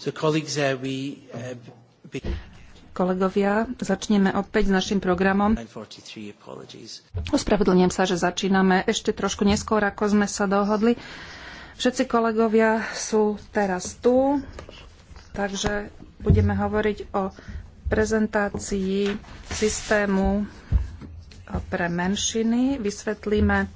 Uh, uh, kolegovia, začneme opäť s našim programom. Ospravedlňujem sa, že začíname ešte trošku neskôr, ako sme sa dohodli. Všetci kolegovia sú teraz tu, takže budeme hovoriť o prezentácii systému pre menšiny. Vysvetlíme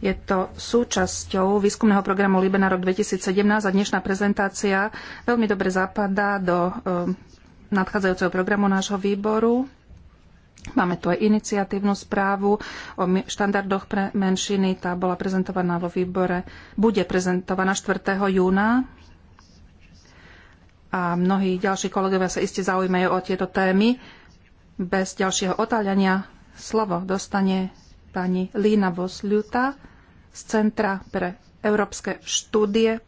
je to súčasťou výskumného programu LIBE na rok 2017 a dnešná prezentácia veľmi dobre zapadá do eh, nadchádzajúceho programu nášho výboru. Máme tu aj iniciatívnu správu o štandardoch pre menšiny. Tá bola prezentovaná vo výbore, bude prezentovaná 4. júna. A mnohí ďalší kolegovia sa iste zaujímajú o tieto témy. Bez ďalšieho otáľania slovo dostane pani Lína Vosľuta, z Centra pre európske štúdie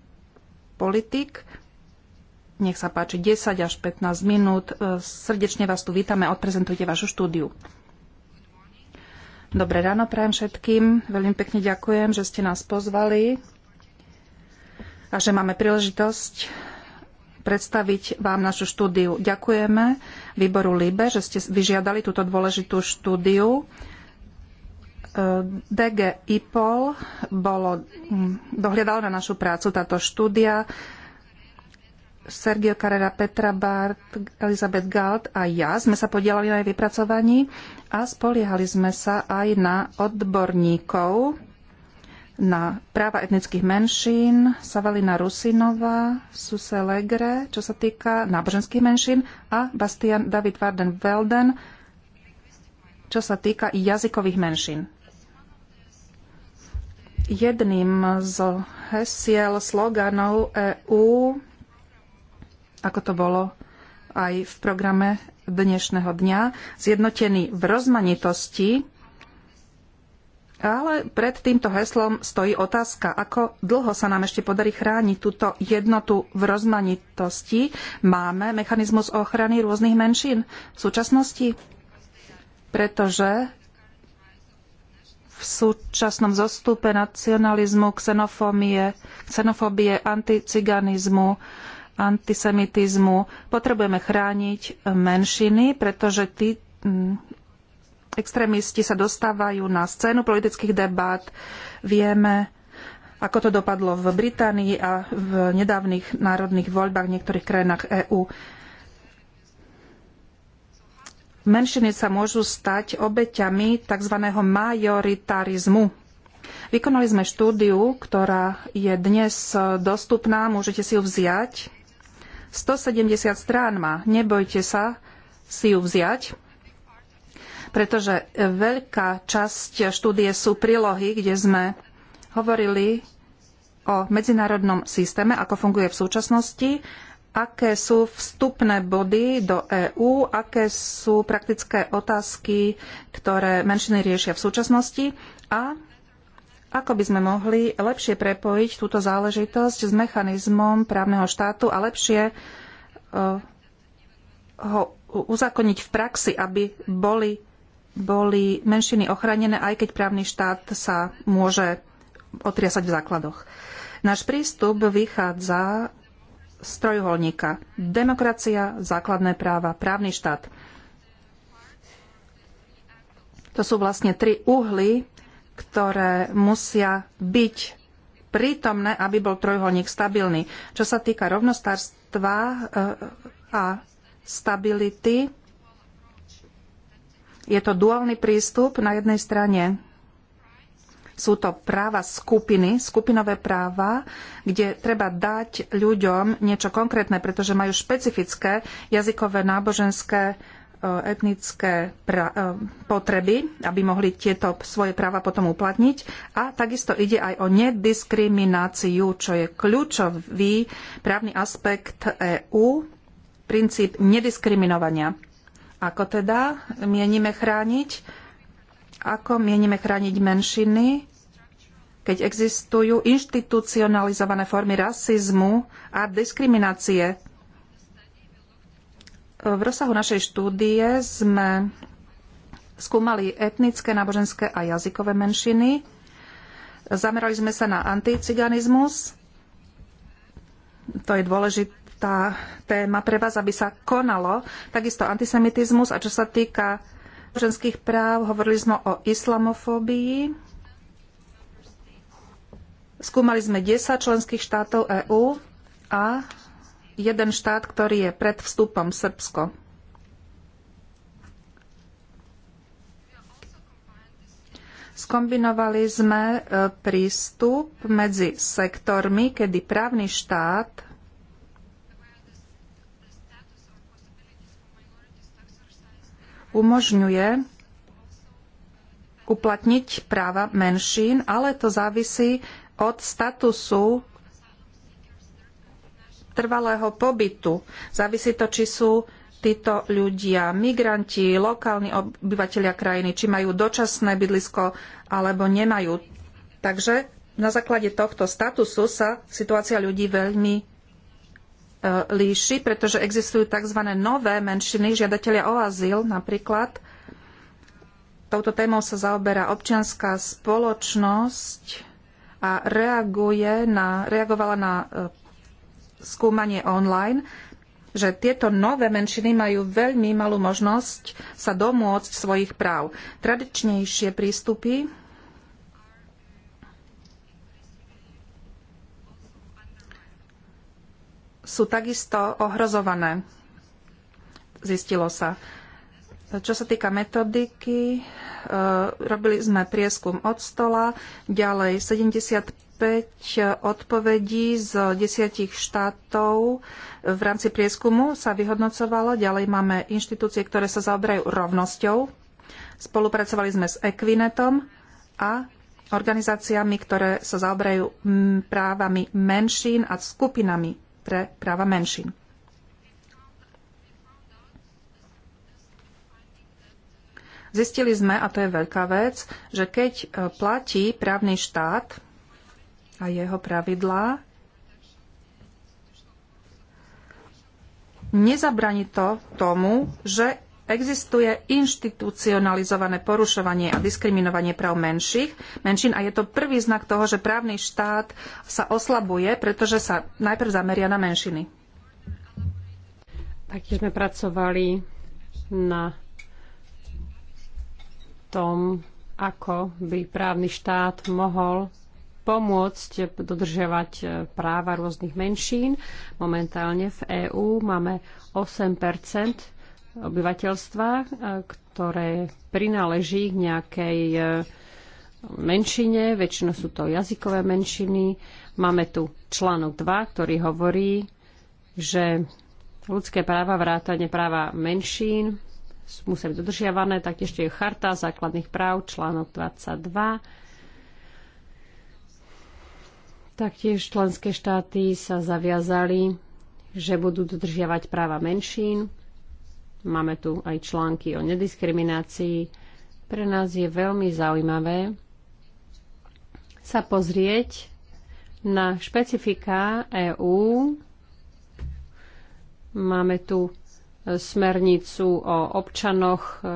politik. Nech sa páči, 10 až 15 minút. E, srdečne vás tu vítame, odprezentujte vašu štúdiu. Dobré ráno prajem všetkým. Veľmi pekne ďakujem, že ste nás pozvali a že máme príležitosť predstaviť vám našu štúdiu. Ďakujeme výboru LIBE, že ste vyžiadali túto dôležitú štúdiu. E, DG IPOL bolo, dohliadalo na našu prácu táto štúdia. Sergio Carrera, Petra Bart, Elizabeth Galt a ja sme sa podielali na jej vypracovaní a spoliehali sme sa aj na odborníkov na práva etnických menšín, Savalina Rusinová, Suse Legre, čo sa týka náboženských menšín a Bastian David Varden Velden, čo sa týka jazykových menšín jedným z hesiel, sloganov EÚ, ako to bolo aj v programe dnešného dňa, zjednotený v rozmanitosti, ale pred týmto heslom stojí otázka, ako dlho sa nám ešte podarí chrániť túto jednotu v rozmanitosti. Máme mechanizmus ochrany rôznych menšín v súčasnosti, pretože v súčasnom zostupe nacionalizmu, xenofómie, xenofóbie, anticiganizmu, antisemitizmu. Potrebujeme chrániť menšiny, pretože tí mm, extrémisti sa dostávajú na scénu politických debát. Vieme, ako to dopadlo v Británii a v nedávnych národných voľbách v niektorých krajinách EÚ menšiny sa môžu stať obeťami tzv. majoritarizmu. Vykonali sme štúdiu, ktorá je dnes dostupná, môžete si ju vziať. 170 strán má, nebojte sa si ju vziať, pretože veľká časť štúdie sú prílohy, kde sme hovorili o medzinárodnom systéme, ako funguje v súčasnosti, aké sú vstupné body do EÚ, aké sú praktické otázky, ktoré menšiny riešia v súčasnosti a ako by sme mohli lepšie prepojiť túto záležitosť s mechanizmom právneho štátu a lepšie e, ho uzakoniť v praxi, aby boli, boli menšiny ochránené, aj keď právny štát sa môže otriasať v základoch. Náš prístup vychádza trojuholníka. Demokracia, základné práva, právny štát. To sú vlastne tri uhly, ktoré musia byť prítomné, aby bol trojuholník stabilný. Čo sa týka rovnostárstva eh, a stability, je to duálny prístup na jednej strane sú to práva skupiny, skupinové práva, kde treba dať ľuďom niečo konkrétne, pretože majú špecifické jazykové, náboženské, e, etnické e, potreby, aby mohli tieto svoje práva potom uplatniť. A takisto ide aj o nediskrimináciu, čo je kľúčový právny aspekt EÚ, princíp nediskriminovania. Ako teda mienime chrániť ako mienime chrániť menšiny, keď existujú inštitucionalizované formy rasizmu a diskriminácie? V rozsahu našej štúdie sme skúmali etnické, náboženské a jazykové menšiny. Zamerali sme sa na anticiganizmus. To je dôležitá téma pre vás, aby sa konalo. Takisto antisemitizmus a čo sa týka ženských práv, hovorili sme o islamofóbii. Skúmali sme 10 členských štátov EÚ a jeden štát, ktorý je pred vstupom Srbsko. Skombinovali sme e, prístup medzi sektormi, kedy právny štát umožňuje uplatniť práva menšín, ale to závisí od statusu trvalého pobytu. Závisí to, či sú títo ľudia, migranti, lokálni obyvateľia krajiny, či majú dočasné bydlisko alebo nemajú. Takže na základe tohto statusu sa situácia ľudí veľmi E, líši, pretože existujú tzv. nové menšiny, žiadatelia o azyl napríklad. Touto témou sa zaoberá občianská spoločnosť a reaguje na, reagovala na e, skúmanie online, že tieto nové menšiny majú veľmi malú možnosť sa domôcť svojich práv. Tradičnejšie prístupy sú takisto ohrozované. Zistilo sa. Čo sa týka metodiky, e, robili sme prieskum od stola, ďalej 75 odpovedí z desiatich štátov v rámci prieskumu sa vyhodnocovalo. Ďalej máme inštitúcie, ktoré sa zaoberajú rovnosťou. Spolupracovali sme s Equinetom a organizáciami, ktoré sa zaoberajú právami menšín a skupinami pre práva menšín. Zistili sme, a to je veľká vec, že keď e, platí právny štát a jeho pravidlá, nezabraní to tomu, že existuje inštitucionalizované porušovanie a diskriminovanie práv menších, menšín a je to prvý znak toho, že právny štát sa oslabuje, pretože sa najprv zameria na menšiny. Taktiež sme pracovali na tom, ako by právny štát mohol pomôcť dodržiavať e, práva rôznych menšín. Momentálne v EÚ máme 8 obyvateľstva, e, ktoré prináleží k nejakej e, menšine, väčšinou sú to jazykové menšiny. Máme tu článok 2, ktorý hovorí, že ľudské práva, vrátane práva menšín musia byť dodržiavané, tak ešte je Charta základných práv, článok 22. Taktiež členské štáty sa zaviazali, že budú dodržiavať práva menšín Máme tu aj články o nediskriminácii. Pre nás je veľmi zaujímavé sa pozrieť na špecifika EÚ. Máme tu e, smernicu o občanoch, e,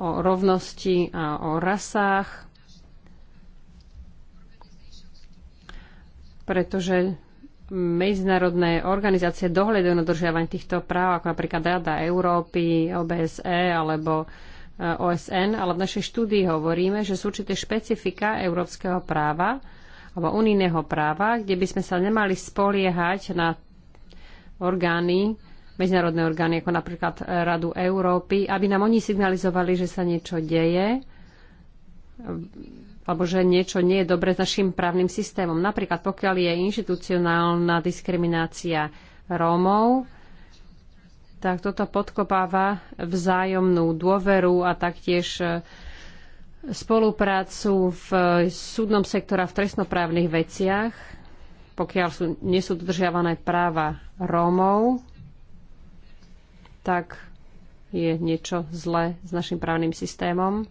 o rovnosti a o rasách, pretože medzinárodné organizácie dohľadujú na dodržiavanie týchto práv, ako napríklad Rada Európy, OBSE alebo e, OSN, ale v našej štúdii hovoríme, že sú určité špecifika európskeho práva alebo unijného práva, kde by sme sa nemali spoliehať na orgány, medzinárodné orgány, ako napríklad Radu Európy, aby nám oni signalizovali, že sa niečo deje alebo že niečo nie je dobre s našim právnym systémom. Napríklad pokiaľ je inštitucionálna diskriminácia Rómov, tak toto podkopáva vzájomnú dôveru a taktiež e, spoluprácu v súdnom sektora v trestnoprávnych veciach, pokiaľ sú, nie sú dodržiavané práva Rómov, tak je niečo zlé s našim právnym systémom.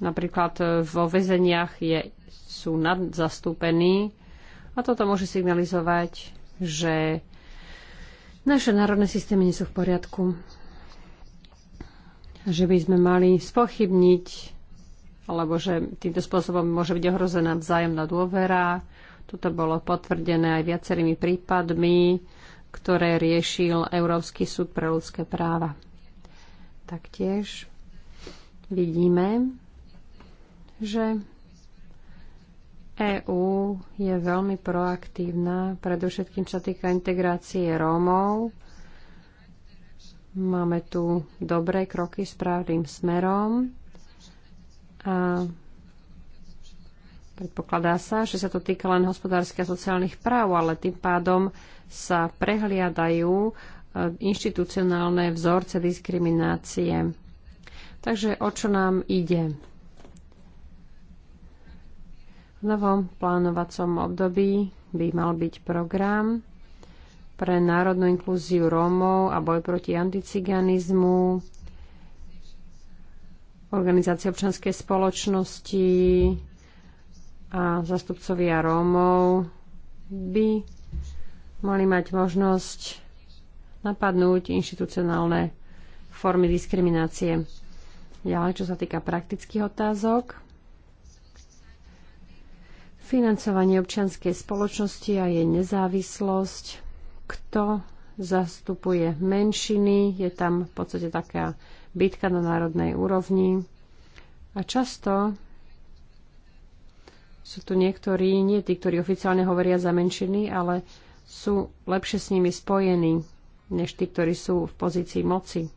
Napríklad e, vo väzeniach je, sú nadzastúpení a toto môže signalizovať, že naše národné systémy nie sú v poriadku. Že by sme mali spochybniť, alebo že týmto spôsobom môže byť ohrozená vzájomná dôvera. Toto bolo potvrdené aj viacerými prípadmi, ktoré riešil Európsky súd pre ľudské práva. Taktiež vidíme, že EÚ je veľmi proaktívna, predovšetkým čo týka integrácie Rómov. Máme tu dobré kroky správnym smerom a predpokladá sa, že sa to týka len hospodárskych a sociálnych práv, ale tým pádom sa prehliadajú e, inštitucionálne vzorce diskriminácie. Takže o čo nám ide? V novom plánovacom období by mal byť program pre národnú inklúziu Rómov a boj proti anticiganizmu, organizácie občanskej spoločnosti a zastupcovia Rómov by mali mať možnosť napadnúť inštitucionálne formy diskriminácie. Ďalej, čo sa týka praktických otázok, financovanie občianskej spoločnosti a jej nezávislosť, kto zastupuje menšiny, je tam v podstate taká bitka na národnej úrovni. A často sú tu niektorí, nie tí, ktorí oficiálne hovoria za menšiny, ale sú lepšie s nimi spojení, než tí, ktorí sú v pozícii moci.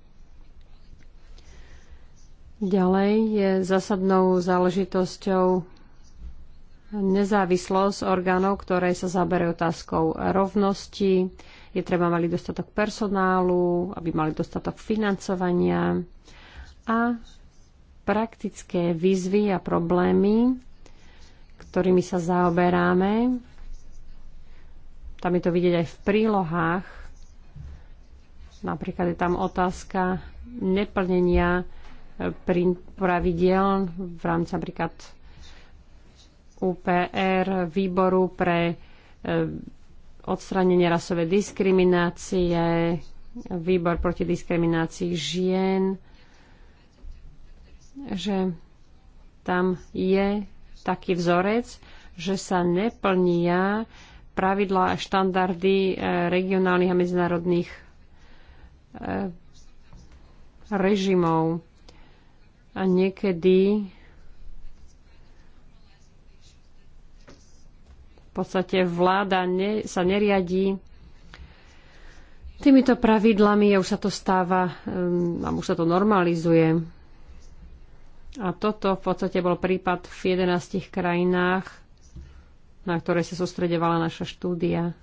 Ďalej je zásadnou záležitosťou nezávislosť orgánov, ktoré sa zaberajú otázkou rovnosti. Je treba mali dostatok personálu, aby mali dostatok financovania a praktické výzvy a problémy, ktorými sa zaoberáme. Tam je to vidieť aj v prílohách. Napríklad je tam otázka neplnenia pravidel v rámci napríklad UPR, výboru pre e, odstranenie rasovej diskriminácie, výbor proti diskriminácii žien, že tam je taký vzorec, že sa neplnia pravidlá a štandardy e, regionálnych a medzinárodných e, režimov. A niekedy podstate vláda ne, sa neriadí týmito pravidlami a už sa to stáva, um, a už sa to normalizuje. A toto v podstate bol prípad v 11 krajinách, na ktoré sa sústredovala naša štúdia.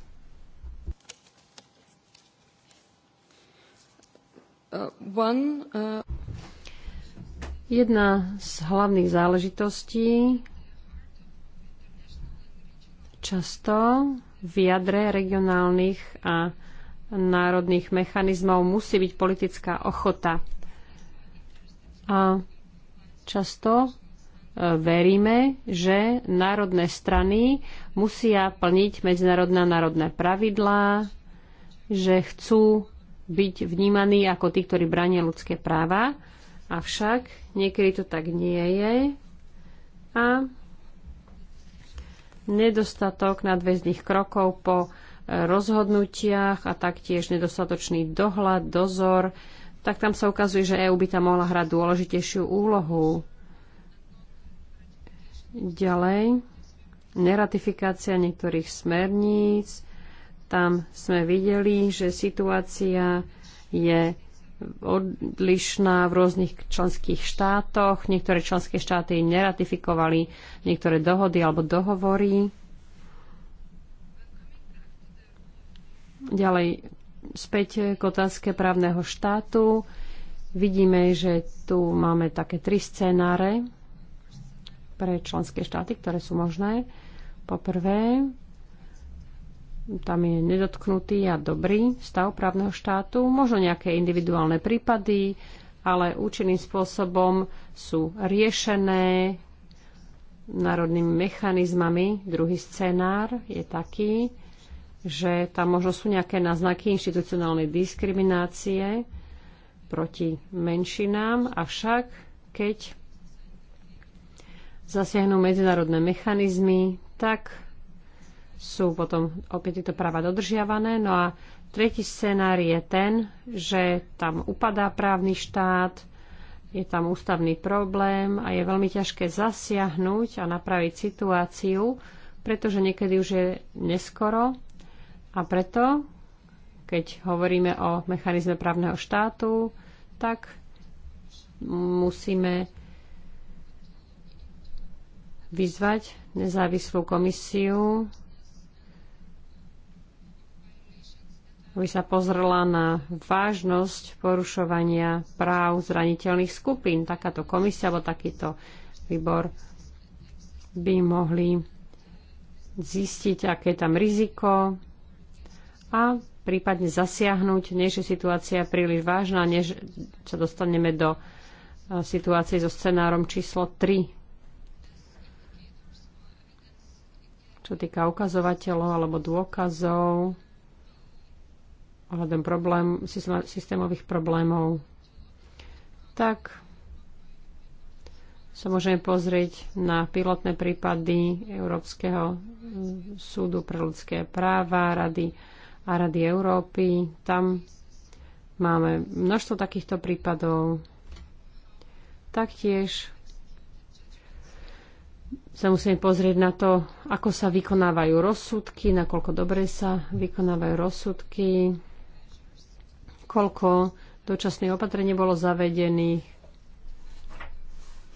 Uh, one, uh... Jedna z hlavných záležitostí, Často v jadre regionálnych a národných mechanizmov musí byť politická ochota. A často e, veríme, že národné strany musia plniť medzinárodné národné pravidlá, že chcú byť vnímaní ako tí, ktorí bránia ľudské práva. Avšak niekedy to tak nie je. A nedostatok nadväzných krokov po e, rozhodnutiach a taktiež nedostatočný dohľad, dozor, tak tam sa ukazuje, že EÚ by tam mohla hrať dôležitejšiu úlohu. Ďalej, neratifikácia niektorých smerníc. Tam sme videli, že situácia je odlišná v rôznych členských štátoch. Niektoré členské štáty neratifikovali niektoré dohody alebo dohovory. Ďalej, späť k otázke právneho štátu. Vidíme, že tu máme také tri scénáre pre členské štáty, ktoré sú možné. Po prvé, tam je nedotknutý a dobrý stav právneho štátu, možno nejaké individuálne prípady, ale účinným spôsobom sú riešené národnými mechanizmami. Druhý scenár je taký, že tam možno sú nejaké náznaky inštitucionálnej diskriminácie proti menšinám, avšak keď zasiahnu medzinárodné mechanizmy, tak sú potom opäť tieto práva dodržiavané. No a tretí scenár je ten, že tam upadá právny štát, je tam ústavný problém a je veľmi ťažké zasiahnuť a napraviť situáciu, pretože niekedy už je neskoro a preto, keď hovoríme o mechanizme právneho štátu, tak musíme vyzvať nezávislú komisiu, aby sa pozrela na vážnosť porušovania práv zraniteľných skupín. Takáto komisia alebo takýto výbor by mohli zistiť, aké je tam riziko a prípadne zasiahnuť, než je situácia príliš vážna, než sa dostaneme do e, situácie so scenárom číslo 3. Čo týka ukazovateľov alebo dôkazov, ohľadom problém, systémových problémov, tak sa môžeme pozrieť na pilotné prípady Európskeho súdu pre ľudské práva, Rady a Rady Európy. Tam máme množstvo takýchto prípadov. Taktiež sa musíme pozrieť na to, ako sa vykonávajú rozsudky, nakoľko dobre sa vykonávajú rozsudky koľko dočasných opatrení bolo zavedených,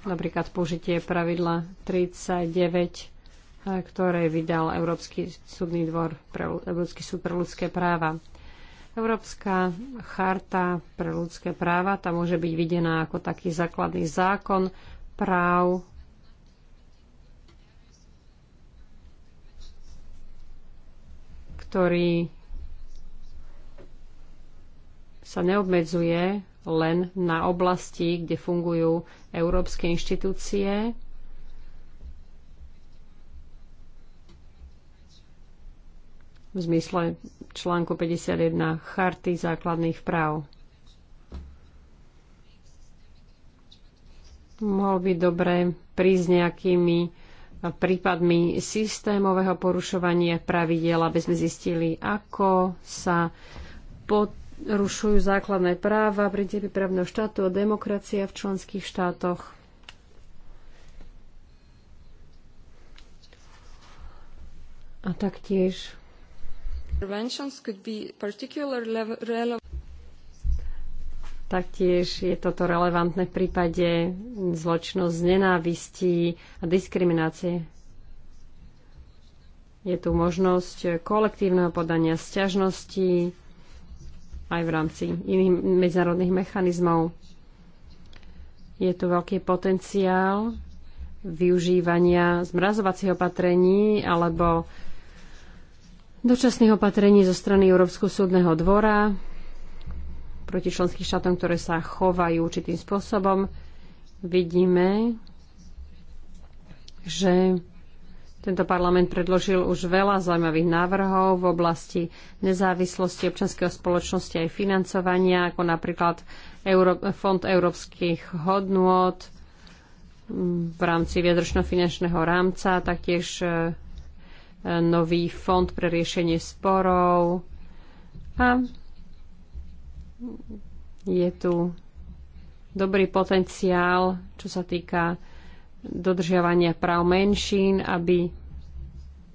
napríklad použitie pravidla 39, eh, ktoré vydal Európsky súdny dvor pre, Európsky súd pre ľudské práva. Európska charta pre ľudské práva, tá môže byť videná ako taký základný zákon práv ktorý sa neobmedzuje len na oblasti, kde fungujú európske inštitúcie. v zmysle článku 51 Charty základných práv. Mohol by dobre prísť nejakými prípadmi systémového porušovania pravidel, aby sme zistili, ako sa pod rušujú základné práva, princípy právneho štátu a demokracia v členských štátoch. A taktiež Taktiež je toto relevantné v prípade zločinnosť z nenávistí a diskriminácie. Je tu možnosť kolektívneho podania sťažností, aj v rámci iných medzinárodných mechanizmov. Je tu veľký potenciál využívania zmrazovacích opatrení alebo dočasných opatrení zo strany Európskeho súdneho dvora proti členským štátom, ktoré sa chovajú určitým spôsobom. Vidíme, že tento parlament predložil už veľa zaujímavých návrhov v oblasti nezávislosti občanského spoločnosti aj financovania, ako napríklad Euró- Fond európskych hodnôt mm, v rámci viedročno finančného rámca, taktiež e, e, nový fond pre riešenie sporov a je tu dobrý potenciál, čo sa týka dodržiavania práv menšín, aby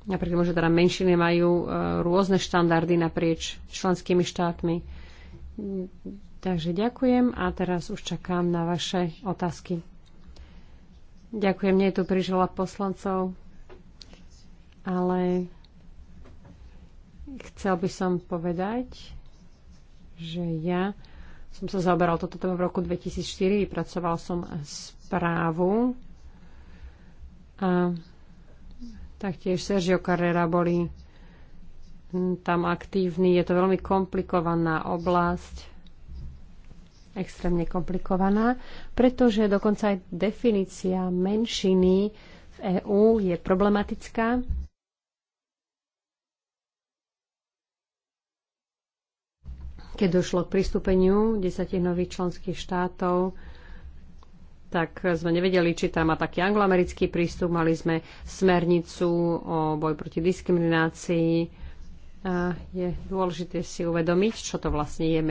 napriek tomu, že teda menšiny majú e, rôzne štandardy naprieč členskými štátmi. Takže ďakujem a teraz už čakám na vaše otázky. Ďakujem, nie je tu prižela poslancov, ale chcel by som povedať, že ja som sa zaoberal toto téma v roku 2004, pracoval som správu a taktiež Sergio Carrera boli tam aktívni. Je to veľmi komplikovaná oblasť, extrémne komplikovaná, pretože dokonca aj definícia menšiny v EÚ je problematická. Keď došlo k pristúpeniu desatich nových členských štátov, tak sme nevedeli, či tam má taký angloamerický prístup. Mali sme smernicu o boj proti diskriminácii. A je dôležité si uvedomiť, čo to vlastne je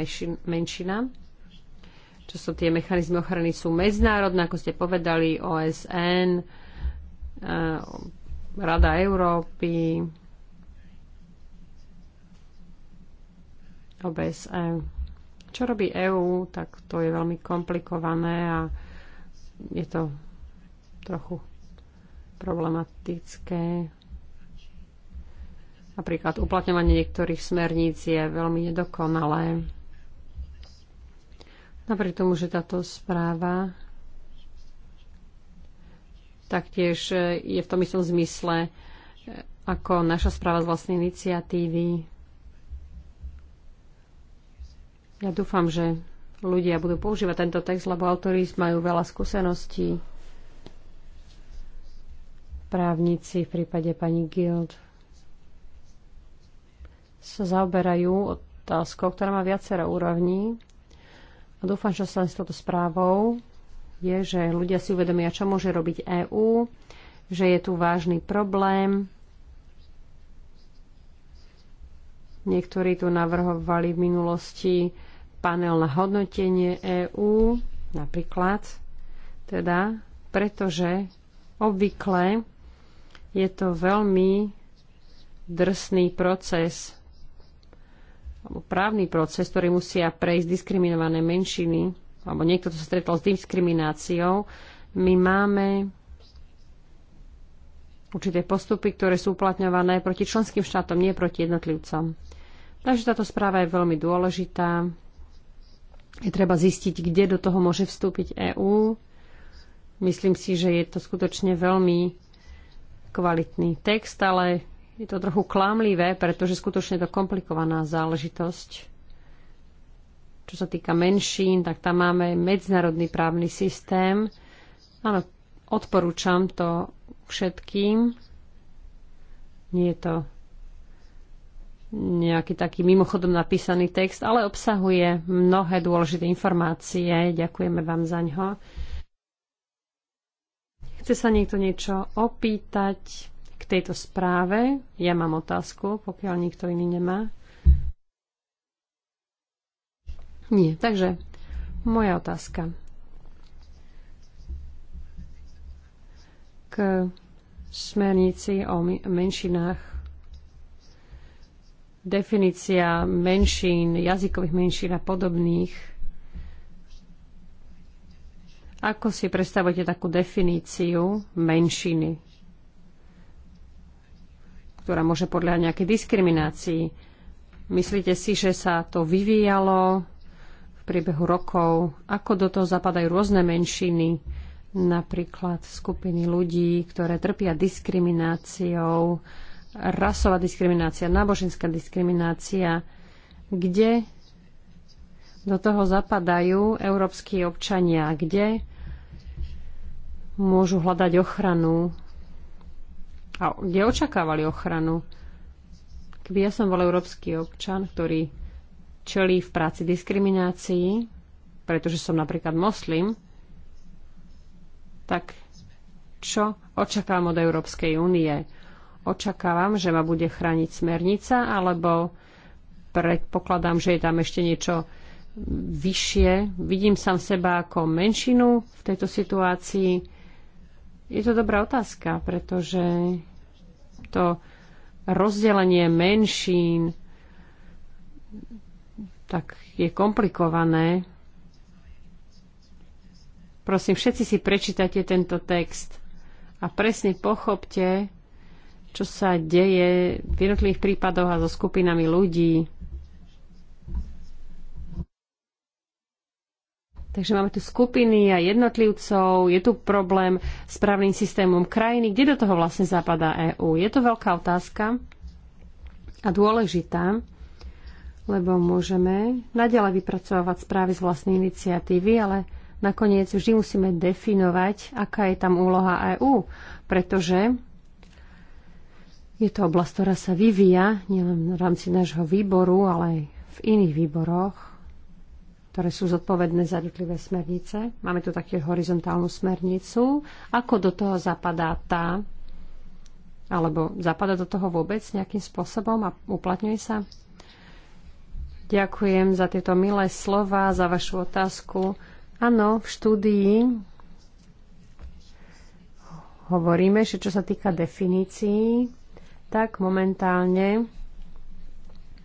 menšina. Čo sú tie mechanizmy ochrany, sú medzinárodné, ako ste povedali, OSN, e, Rada Európy, OBSE. Čo robí EÚ, tak to je veľmi komplikované a je to trochu problematické. Napríklad uplatňovanie niektorých smerníc je veľmi nedokonalé. Napriek tomu, že táto správa taktiež je v tom istom zmysle e, ako naša správa z vlastnej iniciatívy. Ja dúfam, že ľudia budú používať tento text, lebo autori majú veľa skúseností. Právnici v prípade pani Guild sa zaoberajú otázkou, ktorá má viacero úrovní. A dúfam, že sa s touto správou je, že ľudia si uvedomia, čo môže robiť EÚ, že je tu vážny problém. Niektorí tu navrhovali v minulosti panel na hodnotenie EÚ, napríklad, teda, pretože obvykle je to veľmi drsný proces, alebo právny proces, ktorý musia prejsť diskriminované menšiny, alebo niekto to sa stretol s diskrimináciou. My máme určité postupy, ktoré sú uplatňované proti členským štátom, nie proti jednotlivcom. Takže táto správa je veľmi dôležitá. Je treba zistiť, kde do toho môže vstúpiť EÚ. Myslím si, že je to skutočne veľmi kvalitný text, ale je to trochu klamlivé, pretože skutočne je to komplikovaná záležitosť. Čo sa týka menšín, tak tam máme medzinárodný právny systém. Áno, odporúčam to všetkým. Nie je to nejaký taký mimochodom napísaný text, ale obsahuje mnohé dôležité informácie. Ďakujeme vám za ňo. Chce sa niekto niečo opýtať k tejto správe? Ja mám otázku, pokiaľ nikto iný nemá. Nie, takže moja otázka. K smernici o menšinách definícia menšín, jazykových menšín a podobných. Ako si predstavujete takú definíciu menšiny, ktorá môže podľa nejakej diskriminácii? Myslíte si, že sa to vyvíjalo v priebehu rokov? Ako do toho zapadajú rôzne menšiny, napríklad skupiny ľudí, ktoré trpia diskrimináciou, rasová diskriminácia, náboženská diskriminácia, kde do toho zapadajú európsky občania, kde môžu hľadať ochranu a kde očakávali ochranu. Keby ja som bol európsky občan, ktorý čelí v práci diskriminácii, pretože som napríklad moslim, tak čo očakávam od Európskej únie? očakávam, že ma bude chrániť smernica, alebo predpokladám, že je tam ešte niečo vyššie. Vidím sám seba ako menšinu v tejto situácii. Je to dobrá otázka, pretože to rozdelenie menšín tak je komplikované. Prosím, všetci si prečítajte tento text a presne pochopte, čo sa deje v jednotlivých prípadoch a so skupinami ľudí. Takže máme tu skupiny a jednotlivcov, je tu problém s právnym systémom krajiny. Kde do toho vlastne zapadá EÚ? Je to veľká otázka a dôležitá, lebo môžeme naďalej vypracovať správy z vlastnej iniciatívy, ale nakoniec vždy musíme definovať, aká je tam úloha EÚ, pretože je to oblasť, ktorá sa vyvíja nielen v rámci nášho výboru, ale aj v iných výboroch, ktoré sú zodpovedné za jednotlivé smernice. Máme tu taktiež horizontálnu smernicu. Ako do toho zapadá tá, alebo zapadá do toho vôbec nejakým spôsobom a uplatňuje sa? Ďakujem za tieto milé slova, za vašu otázku. Áno, v štúdii hovoríme, že čo sa týka definícií, tak momentálne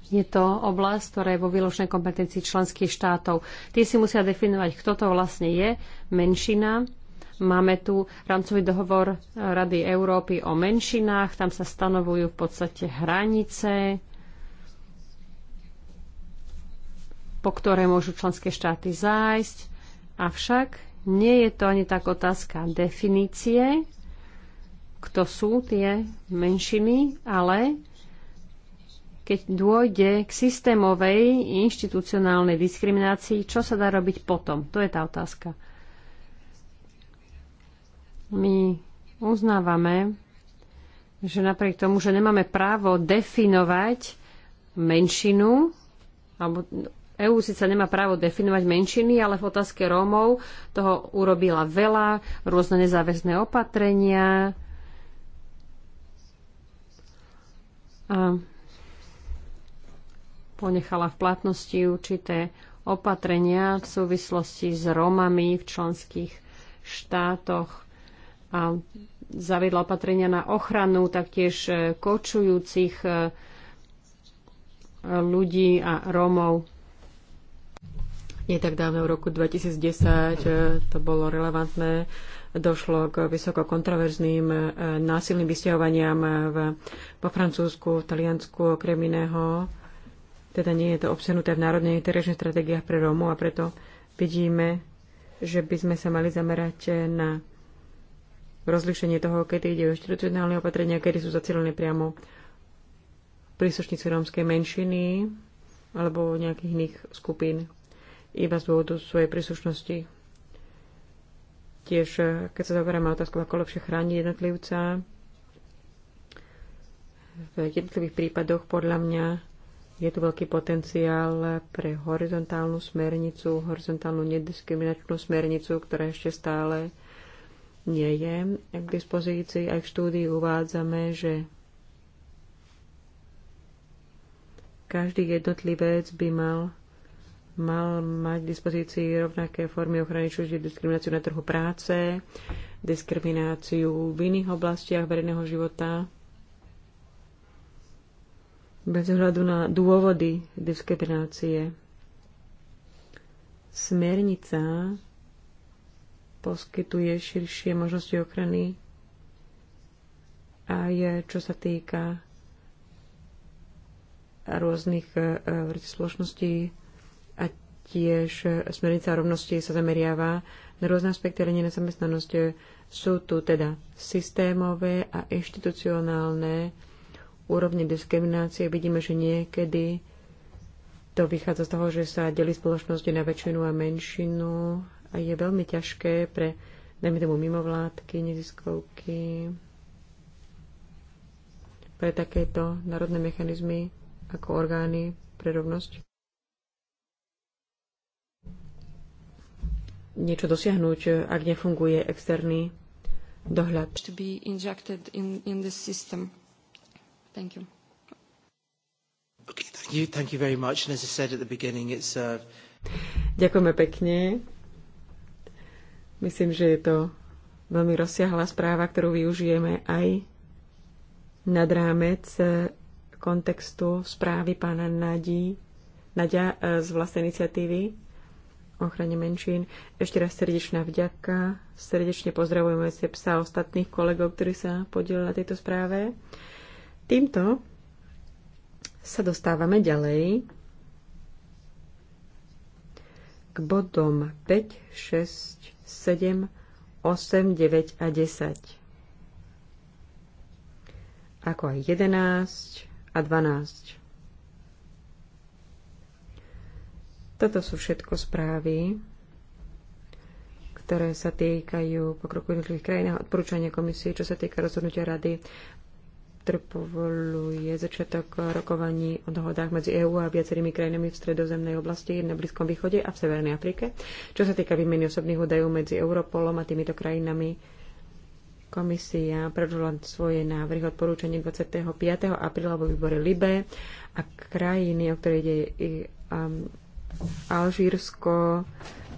je to oblasť, ktorá je vo výločnej kompetencii členských štátov. Tí si musia definovať, kto to vlastne je, menšina. Máme tu rámcový dohovor Rady Európy o menšinách, tam sa stanovujú v podstate hranice, po ktoré môžu členské štáty zájsť. Avšak nie je to ani tak otázka definície, kto sú tie menšiny, ale keď dôjde k systémovej inštitucionálnej diskriminácii, čo sa dá robiť potom? To je tá otázka. My uznávame, že napriek tomu, že nemáme právo definovať menšinu, alebo EU síce nemá právo definovať menšiny, ale v otázke Rómov toho urobila veľa, rôzne nezáväzné opatrenia, a ponechala v platnosti určité opatrenia v súvislosti s Romami v členských štátoch a zaviedla opatrenia na ochranu taktiež e, kočujúcich e, ľudí a Romov. Nie tak dávno v roku 2010 e, to bolo relevantné došlo k vysoko kontroverzným e, násilným vysťahovaniam v, po Francúzsku, v Taliansku, okrem iného. Teda nie je to obsenuté v národnej integračných stratégiách pre Rómu a preto vidíme, že by sme sa mali zamerať na rozlišenie toho, kedy ide o inštitucionálne opatrenia, kedy sú zacielené priamo príslušníci rómskej menšiny alebo nejakých iných skupín iba z dôvodu svojej príslušnosti Tiež, eh, keď sa zaoberáme otázkou, ako lepšie chrániť jednotlivca, v jednotlivých prípadoch podľa mňa je tu veľký potenciál pre horizontálnu smernicu, horizontálnu nediskriminačnú smernicu, ktorá ešte stále nie je k dispozícii. Aj v štúdii uvádzame, že každý jednotlivec by mal mal mať k dispozícii rovnaké formy ochrany čuži, diskrimináciu na trhu práce, diskrimináciu v iných oblastiach verejného života, bez ohľadu na dôvody diskriminácie. Smernica poskytuje širšie možnosti ochrany A je čo sa týka rôznych eh, eh, spoločností, Tiež smernica rovnosti sa zameriava na rôzne aspekty renie na zamestnanosť. Sú tu teda systémové a inštitucionálne úrovne diskriminácie. Vidíme, že niekedy to vychádza z toho, že sa delí spoločnosť na väčšinu a menšinu a je veľmi ťažké pre, dajme tomu, mimovládky, neziskovky, pre takéto národné mechanizmy ako orgány pre rovnosť niečo dosiahnuť, ak nefunguje externý dohľad. To be injected in, in this system. Thank you. Okay, thank you, thank you very much. And as I said at the beginning, it's... Uh, Ďakujeme pekne. Myslím, že je to veľmi rozsiahla správa, ktorú využijeme aj nad rámec e, kontextu správy pána Nadí, Nadia e, z vlastnej iniciatívy ochrane menšín. Ešte raz srdečná vďaka. Srdečne pozdravujeme psa a ostatných kolegov, ktorí sa podielili na tejto správe. Týmto sa dostávame ďalej k bodom 5, 6, 7, 8, 9 a 10. Ako aj 11 a 12. Toto sú všetko správy, ktoré sa týkajú pokroku jednotlivých krajín a odporúčania komisie, čo sa týka rozhodnutia rady ktoré povoluje začiatok rokovaní o dohodách medzi EÚ a viacerými krajinami v stredozemnej oblasti, na Blízkom východe a v Severnej Afrike. Čo sa týka výmeny osobných údajov medzi Europolom a týmito krajinami, komisia predložila svoje návrhy odporúčanie 25. apríla vo výbore LIBE a krajiny, o ktoré ide um, Alžírsko,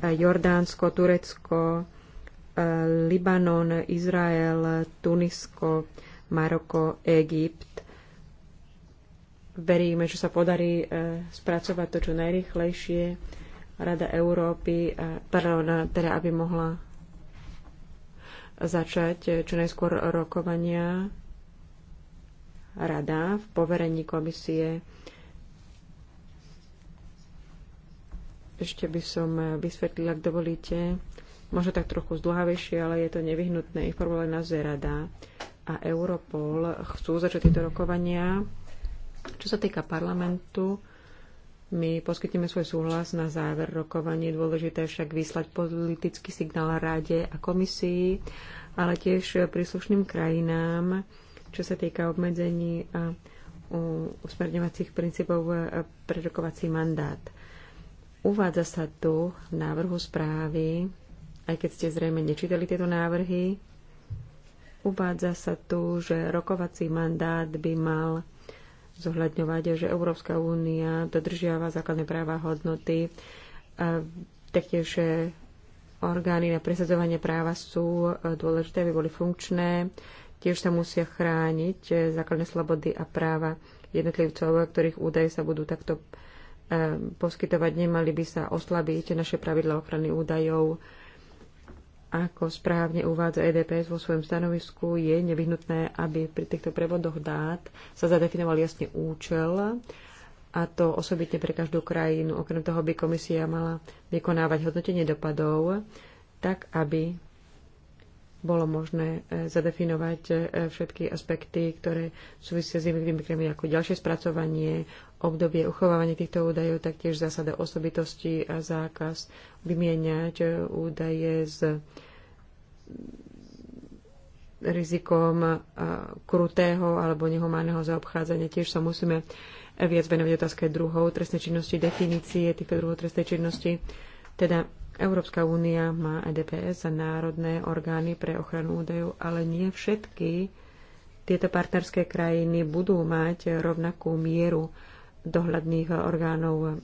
eh, Jordánsko, Turecko, eh, Libanon, Izrael, Tunisko, Maroko, Egypt. Veríme, že sa podarí eh, spracovať to čo najrychlejšie. Rada Európy, teda aby mohla začať čo najskôr rokovania rada v poverení komisie Ešte by som eh, vysvetlila, ak dovolíte, možno tak trochu zdlhavejšie, ale je to nevyhnutné. Informovali nás Rada a Europol chcú začať tieto rokovania. Čo sa týka parlamentu, my poskytneme svoj súhlas na záver rokovanie. Dôležité však vyslať politický signál Rade a komisii, ale tiež príslušným krajinám, čo sa týka obmedzení a usmerňovacích princípov eh, pre rokovací mandát. Uvádza sa tu v návrhu správy, aj keď ste zrejme nečítali tieto návrhy, uvádza sa tu, že rokovací mandát by mal zohľadňovať, že Európska únia dodržiava základné práva hodnoty, taktiež orgány na presadzovanie práva sú dôležité, aby boli funkčné, tiež sa musia chrániť základné slobody a práva jednotlivcov, ktorých údaje sa budú takto Ehm, poskytovať, nemali by sa oslabiť naše pravidla ochrany údajov. Ako správne uvádza EDPS vo svojom stanovisku, je nevyhnutné, aby pri týchto prevodoch dát sa zadefinoval jasne účel a to osobitne pre každú krajinu. Okrem toho by komisia mala vykonávať hodnotenie dopadov tak, aby bolo možné e, zadefinovať e, všetky aspekty, ktoré súvisia s jednotlivými krajinami, ako ďalšie spracovanie, obdobie uchovávania týchto údajov, taktiež zásada osobitosti a zákaz vymieňať e, údaje s rizikom e, krutého alebo nehumánneho zaobchádzania. Tiež sa musíme viac venovať otázke druhov trestnej činnosti, definície týchto druhov trestnej činnosti. Teda Európska únia má EDPS a národné orgány pre ochranu údajov, ale nie všetky tieto partnerské krajiny budú mať rovnakú mieru dohľadných orgánov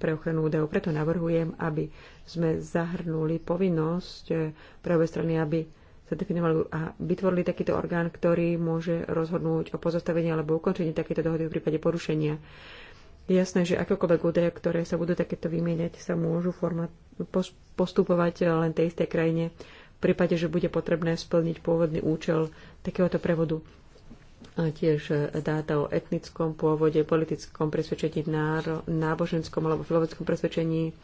pre ochranu údajov. Preto navrhujem, aby sme zahrnuli povinnosť pre obe strany, aby sa definovali a vytvorili takýto orgán, ktorý môže rozhodnúť o pozastavení alebo ukončení takéto dohody v prípade porušenia. Je jasné, že akékoľvek údaje, ktoré sa budú takéto vymieňať, sa môžu format, postupovať len tej istej krajine v prípade, že bude potrebné splniť pôvodný účel takéhoto prevodu tiež e, dáta o etnickom pôvode, politickom presvedčení, náboženskom alebo filozofickom presvedčení,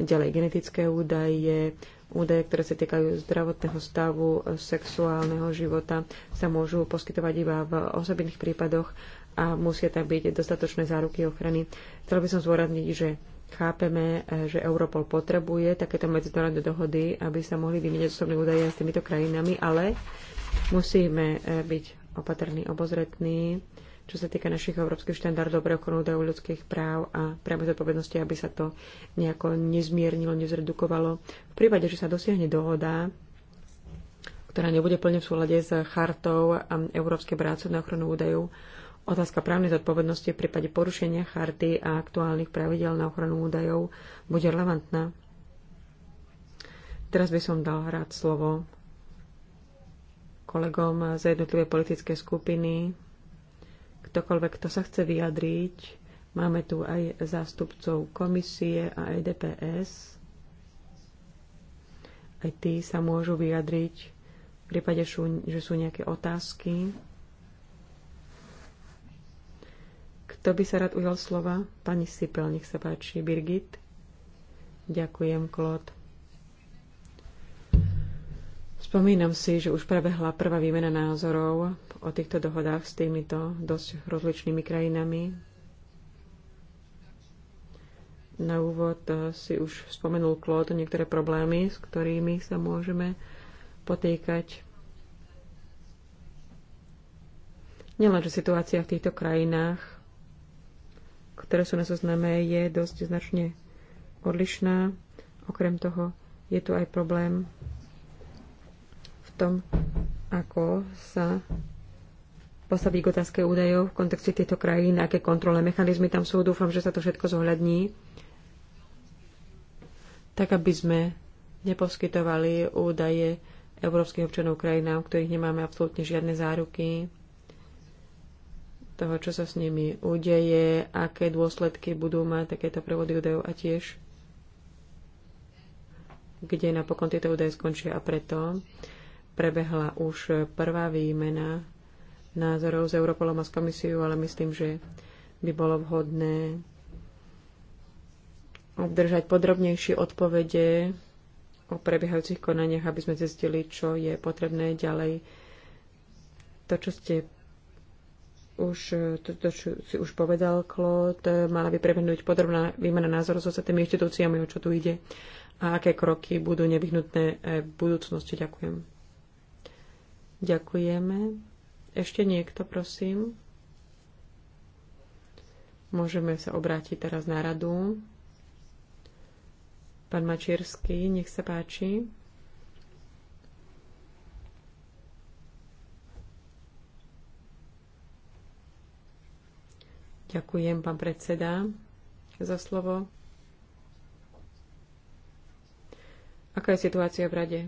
ďalej genetické údaje, údaje, ktoré sa týkajú zdravotného stavu, sexuálneho života, sa môžu poskytovať iba v osobných prípadoch a musia tam byť dostatočné záruky ochrany. Chcel by som zvorazniť, že chápeme, e, že Europol potrebuje takéto medzinárodné dohody, aby sa mohli vymeniať osobné údaje s týmito krajinami, ale musíme e, byť opatrný, obozretný, čo sa týka našich európskych štandardov pre ochranu údajov ľudských práv a priamo zodpovednosti, aby sa to nejako nezmiernilo, nezredukovalo. V prípade, že sa dosiahne dohoda, ktorá nebude plne v súlade s chartou um, Európskej prácu na ochranu údajov. Otázka právnej zodpovednosti v prípade porušenia charty a aktuálnych pravidel na ochranu údajov bude relevantná. Teraz by som dal rád slovo kolegom za jednotlivé politické skupiny. Ktokoľvek, kto sa chce vyjadriť, máme tu aj zástupcov komisie a EDPS. Aj tí sa môžu vyjadriť v prípade, že sú nejaké otázky. Kto by sa rád ujal slova? Pani Sipel, nech sa páči. Birgit? Ďakujem, Claude. Spomínam si, že už prebehla prvá výmena názorov o týchto dohodách s týmito dosť rozličnými krajinami. Na úvod eh, si už spomenul Klód niektoré problémy, s ktorými sa môžeme potýkať. Nielen, situácia v týchto krajinách, ktoré sú na zozname, je dosť značne odlišná. Okrem toho je tu aj problém tom, ako sa postaví k otázke údajov v kontexte týchto krajín, aké kontrolné mechanizmy tam sú. Dúfam, že sa to všetko zohľadní, tak aby sme neposkytovali údaje európskych občanov krajinám, ktorých nemáme absolútne žiadne záruky toho, čo sa s nimi udeje, aké dôsledky budú mať takéto prevody údajov a tiež kde napokon tieto údaje skončia. A preto prebehla už prvá výmena názorov s Europolom a s komisiou, ale myslím, že by bolo vhodné obdržať podrobnejšie odpovede o prebiehajúcich konaniach, aby sme zistili, čo je potrebné ďalej. To, čo ste už, to, to čo si už povedal, Klód, mala by prebehnúť podrobná výmena názorov s so ostatnými inštitúciami, o čo tu ide a aké kroky budú nevyhnutné v budúcnosti. Ďakujem. Ďakujeme. Ešte niekto, prosím? Môžeme sa obrátiť teraz na radu. Pán Mačierský, nech sa páči. Ďakujem, pán predseda, za slovo. Aká je situácia v rade?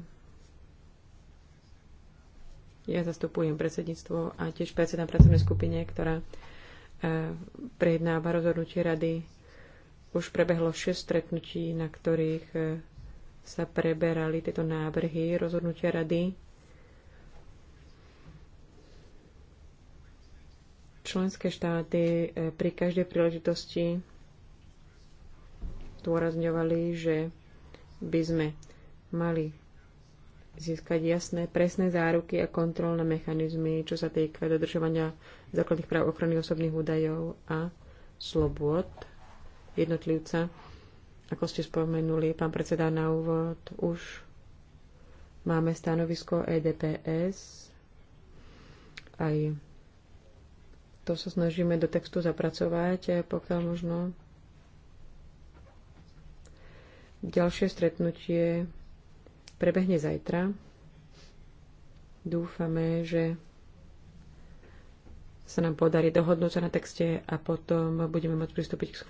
Ja zastupujem predsedníctvo a tiež predsedám pracovnej skupine, ktorá e, prejednáva rozhodnutie rady. Už prebehlo 6 stretnutí, na ktorých e, sa preberali tieto návrhy rozhodnutia rady. Členské štáty e, pri každej príležitosti dôrazňovali, že by sme mali získať jasné, presné záruky a kontrolné mechanizmy, čo sa týka dodržovania základných práv ochrany osobných údajov a slobôd jednotlivca. Ako ste spomenuli, pán predseda, na úvod už máme stanovisko EDPS. Aj to sa snažíme do textu zapracovať, pokiaľ možno. Ďalšie stretnutie prebehne zajtra. Dúfame, že sa nám podarí dohodnúť sa na texte a potom budeme môcť pristúpiť k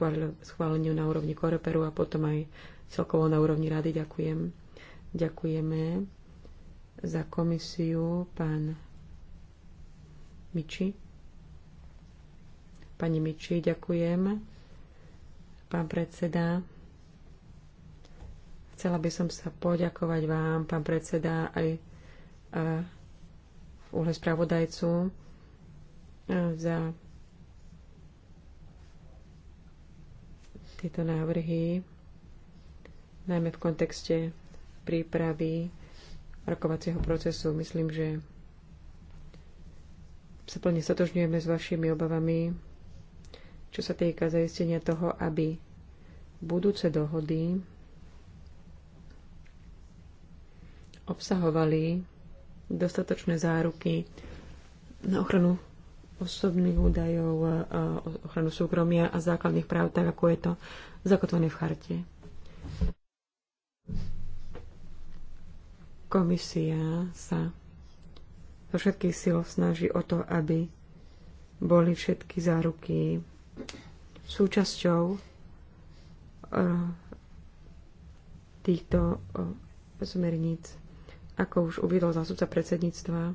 schváleniu na úrovni Koreperu a potom aj celkovo na úrovni rady. Ďakujem. Ďakujeme za komisiu pán Miči. Pani Miči, ďakujem. Pán predseda. Chcela by som sa poďakovať vám, pán predseda, aj v úhle spravodajcu za tieto návrhy, najmä v kontexte prípravy rokovacieho procesu. Myslím, že sa plne stotožňujeme s vašimi obavami, čo sa týka zaistenia toho, aby budúce dohody obsahovali dostatočné záruky na ochranu osobných údajov, ochranu súkromia a základných práv, tak ako je to zakotvené v charte. Komisia sa zo všetkých síl snaží o to, aby boli všetky záruky súčasťou týchto smerníc. Ako už uviedol zásudca predsedníctva,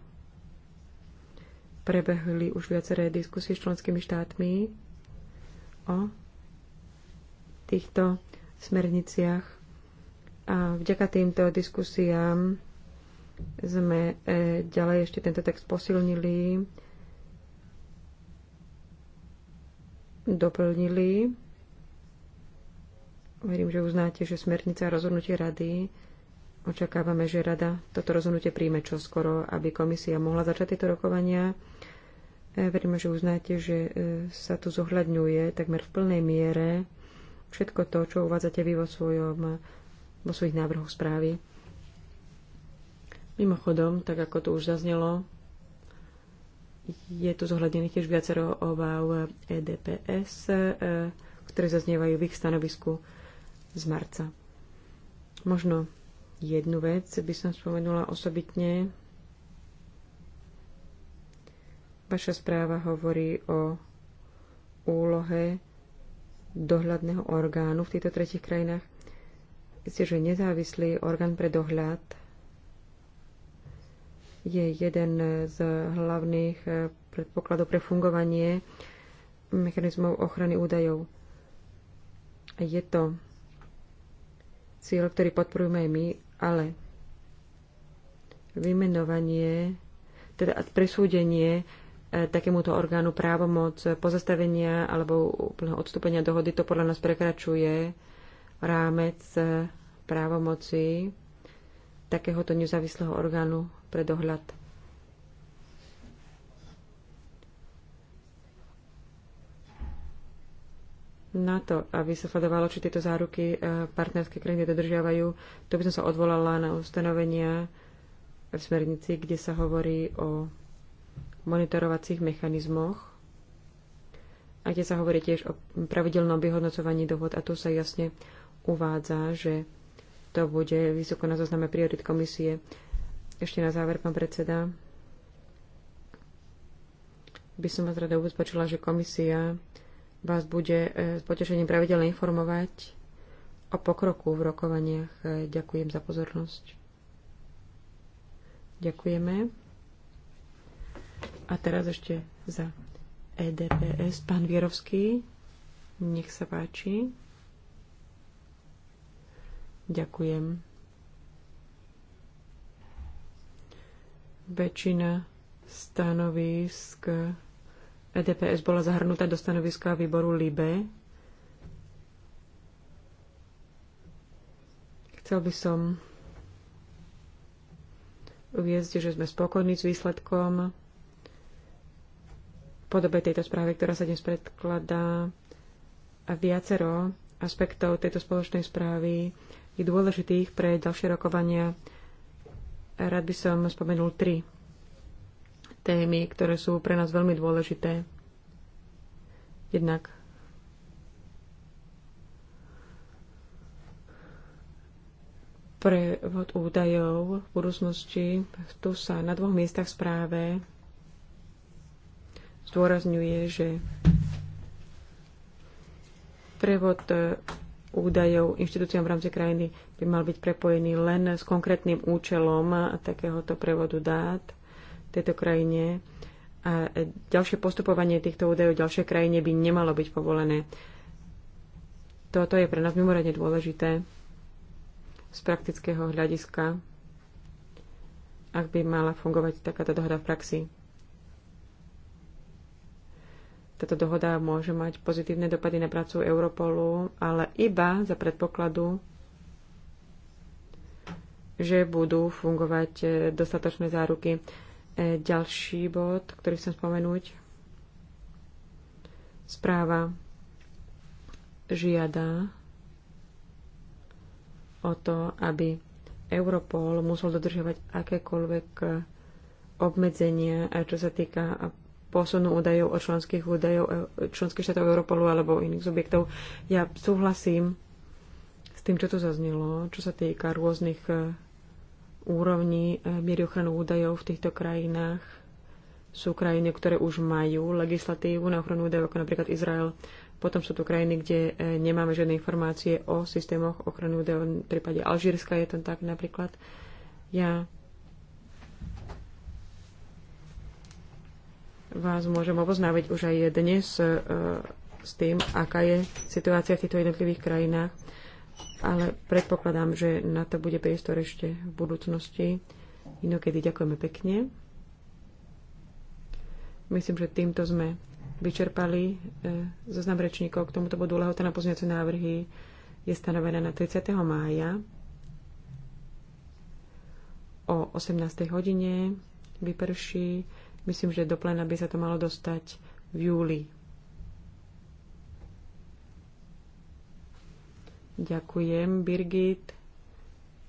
prebehli už viaceré diskusie s členskými štátmi o týchto smerniciach. A vďaka týmto diskusiám sme e, ďalej ešte tento text posilnili, doplnili. Verím, že uznáte, že smernica a rozhodnutie rady Očakávame, že rada toto rozhodnutie príjme čo skoro, aby komisia mohla začať tieto rokovania. E, veríme, že uznáte, že e, sa tu zohľadňuje takmer v plnej miere všetko to, čo uvádzate vy vo, svojom, vo svojich návrhoch správy. Mimochodom, tak ako to už zaznelo, je tu zohľadených tiež viacero obáv EDPS, e, ktoré zaznievajú v ich stanovisku z marca. Možno Jednu vec by som spomenula osobitne. Vaša správa hovorí o úlohe dohľadného orgánu v týchto tretich krajinách. Isté, že nezávislý orgán pre dohľad je jeden z hlavných predpokladov pre fungovanie mechanizmov ochrany údajov. Je to cieľ, ktorý podporujeme aj my ale vymenovanie, teda presúdenie e, takémuto orgánu právomoc pozastavenia alebo úplného odstúpenia dohody, to podľa nás prekračuje rámec e, právomoci takéhoto nezávislého orgánu pre dohľad. na to, aby sa sledovalo, či tieto záruky e, partnerské krajiny dodržiavajú, to by som sa odvolala na ustanovenia v smernici, kde sa hovorí o monitorovacích mechanizmoch a kde sa hovorí tiež o pravidelnom vyhodnocovaní dohod a tu sa jasne uvádza, že to bude vysoko na zozname priorit komisie. Ešte na záver, pán predseda, by som vás rada ubezpečila, že komisia vás bude e, s potešením pravidelne informovať o pokroku v rokovaniach. E, ďakujem za pozornosť. Ďakujeme. A teraz ešte za EDPS. Pán Vierovský, nech sa páči. Ďakujem. Väčšina stanovisk EDPS bola zahrnutá do stanoviska výboru LIBE. Chcel by som uviezť, že sme spokojní s výsledkom podobe tejto správy, ktorá sa dnes predkladá. A viacero aspektov tejto spoločnej správy je dôležitých pre ďalšie rokovania. Rád by som spomenul tri témy, ktoré sú pre nás veľmi dôležité. Jednak prevod údajov v budúcnosti. Tu sa na dvoch miestach správe zdôrazňuje, že prevod údajov inštitúciám v rámci krajiny by mal byť prepojený len s konkrétnym účelom takéhoto prevodu dát – tejto krajine a ďalšie postupovanie týchto údajov v ďalšej krajine by nemalo byť povolené. Toto je pre nás mimoriadne dôležité z praktického hľadiska, ak by mala fungovať takáto dohoda v praxi. Táto dohoda môže mať pozitívne dopady na prácu Europolu, ale iba za predpokladu, že budú fungovať eh, dostatočné záruky E, ďalší bod, ktorý chcem spomenúť. Správa žiada o to, aby Europol musel dodržovať akékoľvek obmedzenia, e, čo sa týka posunu údajov od členských údajov e, členských štátov Europolu alebo iných subjektov. Ja súhlasím s tým, čo tu zaznelo, čo sa týka rôznych úrovni eh, miery ochranu údajov v týchto krajinách sú krajiny, ktoré už majú legislatívu na ochranu údajov, ako napríklad Izrael. Potom sú tu krajiny, kde eh, nemáme žiadne informácie o systémoch ochrany údajov. V prípade Alžírska je to tak napríklad. Ja vás môžem oboznáviť už aj dnes eh, s tým, aká je situácia v týchto jednotlivých krajinách ale predpokladám, že na to bude priestor ešte v budúcnosti. Inokedy ďakujeme pekne. Myslím, že týmto sme vyčerpali e, zoznam rečníkov. K tomuto bodu lehota na pozňujúce návrhy je stanovená na 30. mája o 18. hodine vyprší. Myslím, že do plena by sa to malo dostať v júli Ďakujem, Birgit,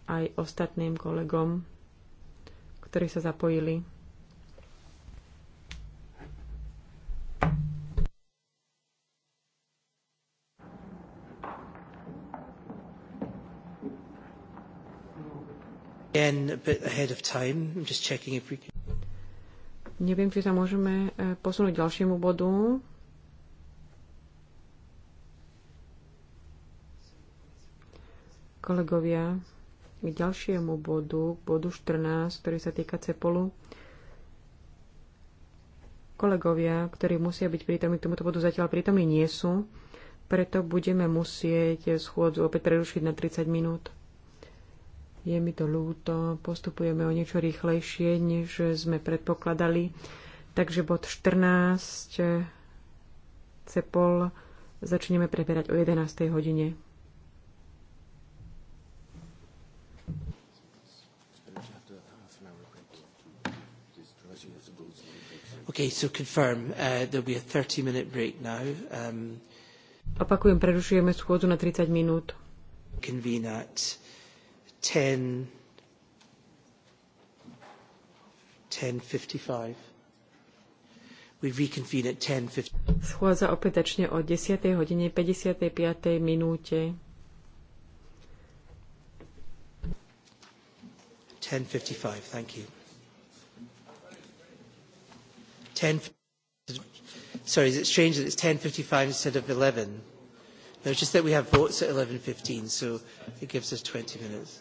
aj ostatným kolegom, ktorí sa zapojili. Neviem, či sa môžeme eh, posunúť k ďalšiemu bodu. kolegovia, k ďalšiemu bodu, k bodu 14, ktorý sa týka Cepolu. Kolegovia, ktorí musia byť prítomní k tomuto bodu, zatiaľ prítomní nie sú, preto budeme musieť schôdzu opäť prerušiť na 30 minút. Je mi to ľúto, postupujeme o niečo rýchlejšie, než sme predpokladali. Takže bod 14, Cepol, začneme preberať o 11. hodine. Uh, um, Opakujem, prerušujeme schôdzu na 30 minút. Convene at 10, 10.55. We reconvene at 10.55. Schôdza opätačne o 10. hodine 55. minúte. 10.55, thank you. Sorry, is it strange that it's 10.55 instead of 11? No, it's just that we have votes at 11.15, so it gives us 20 minutes.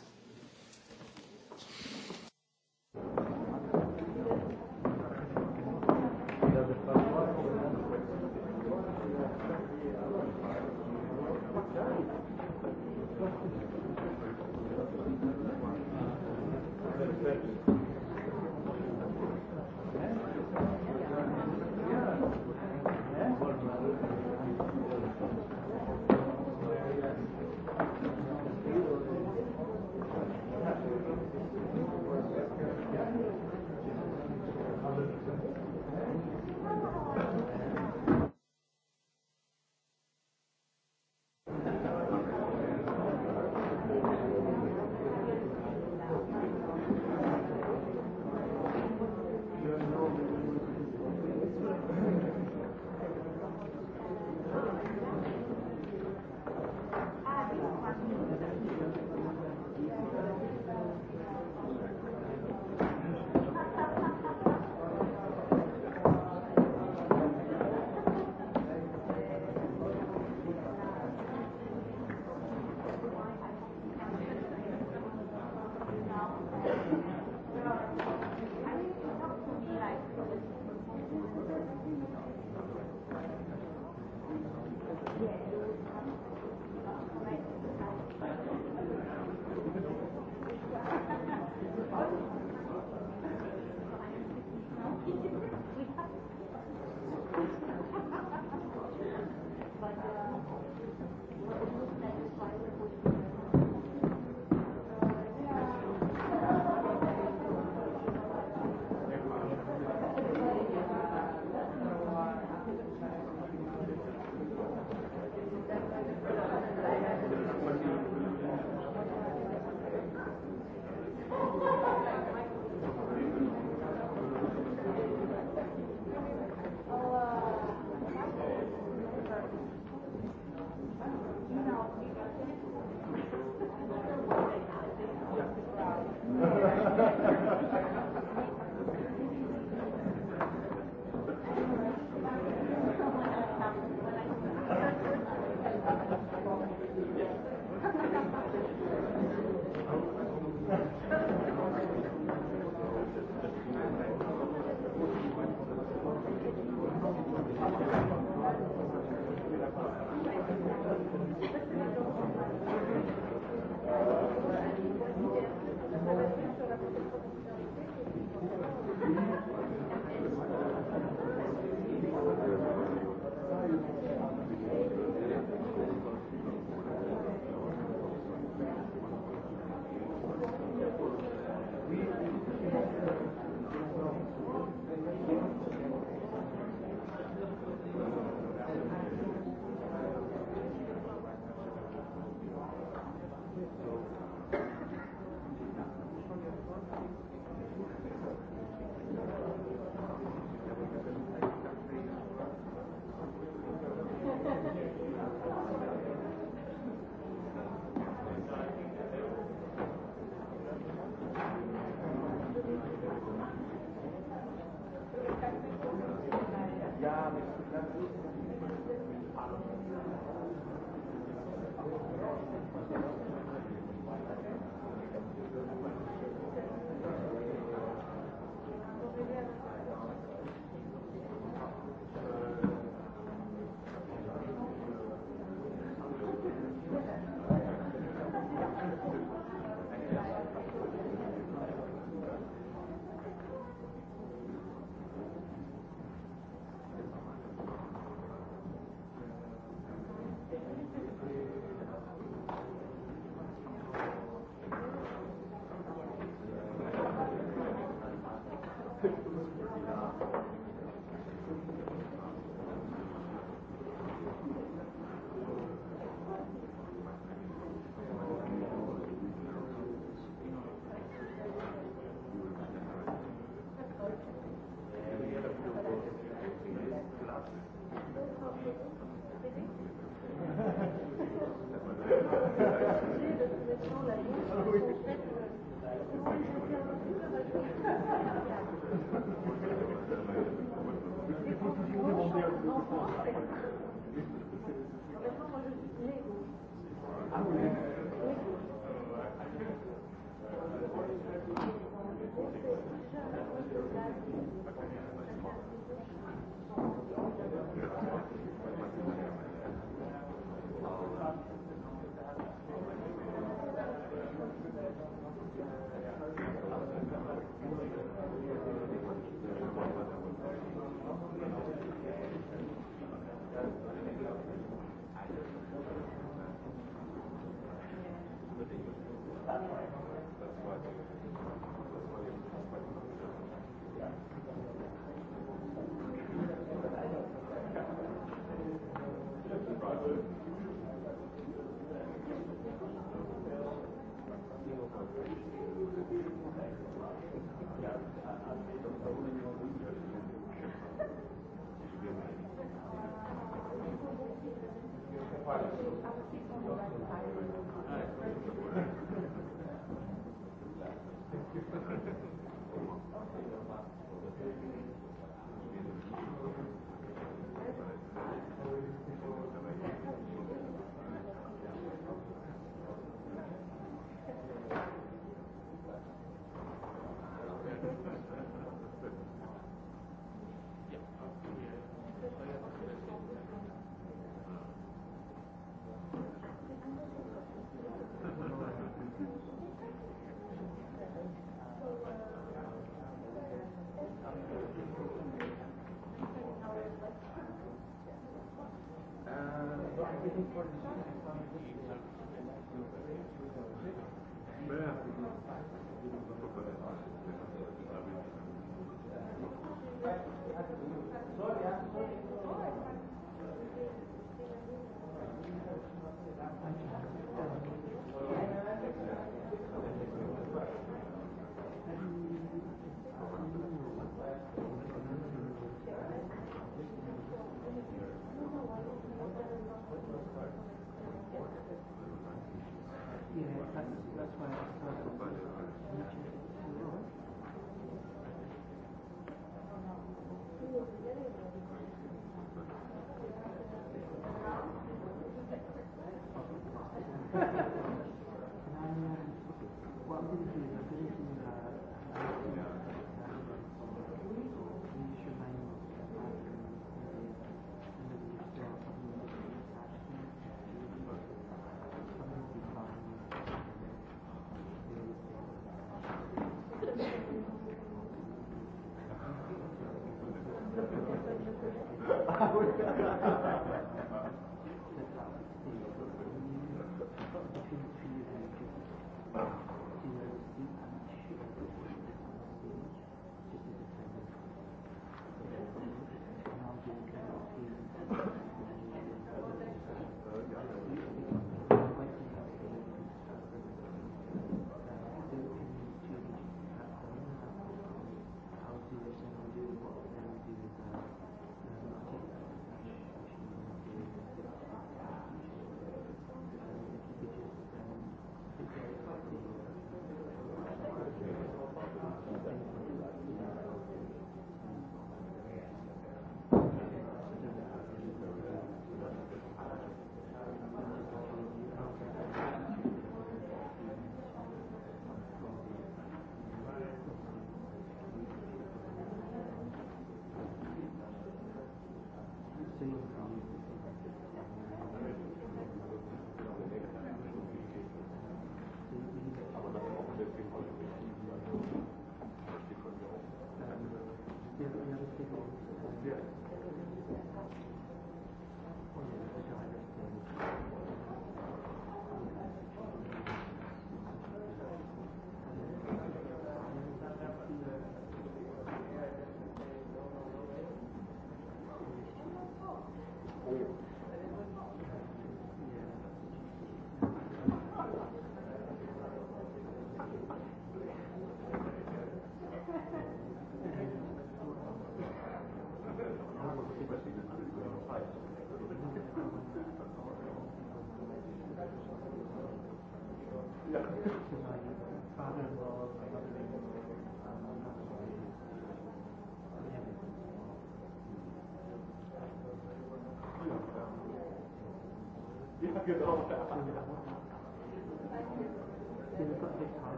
for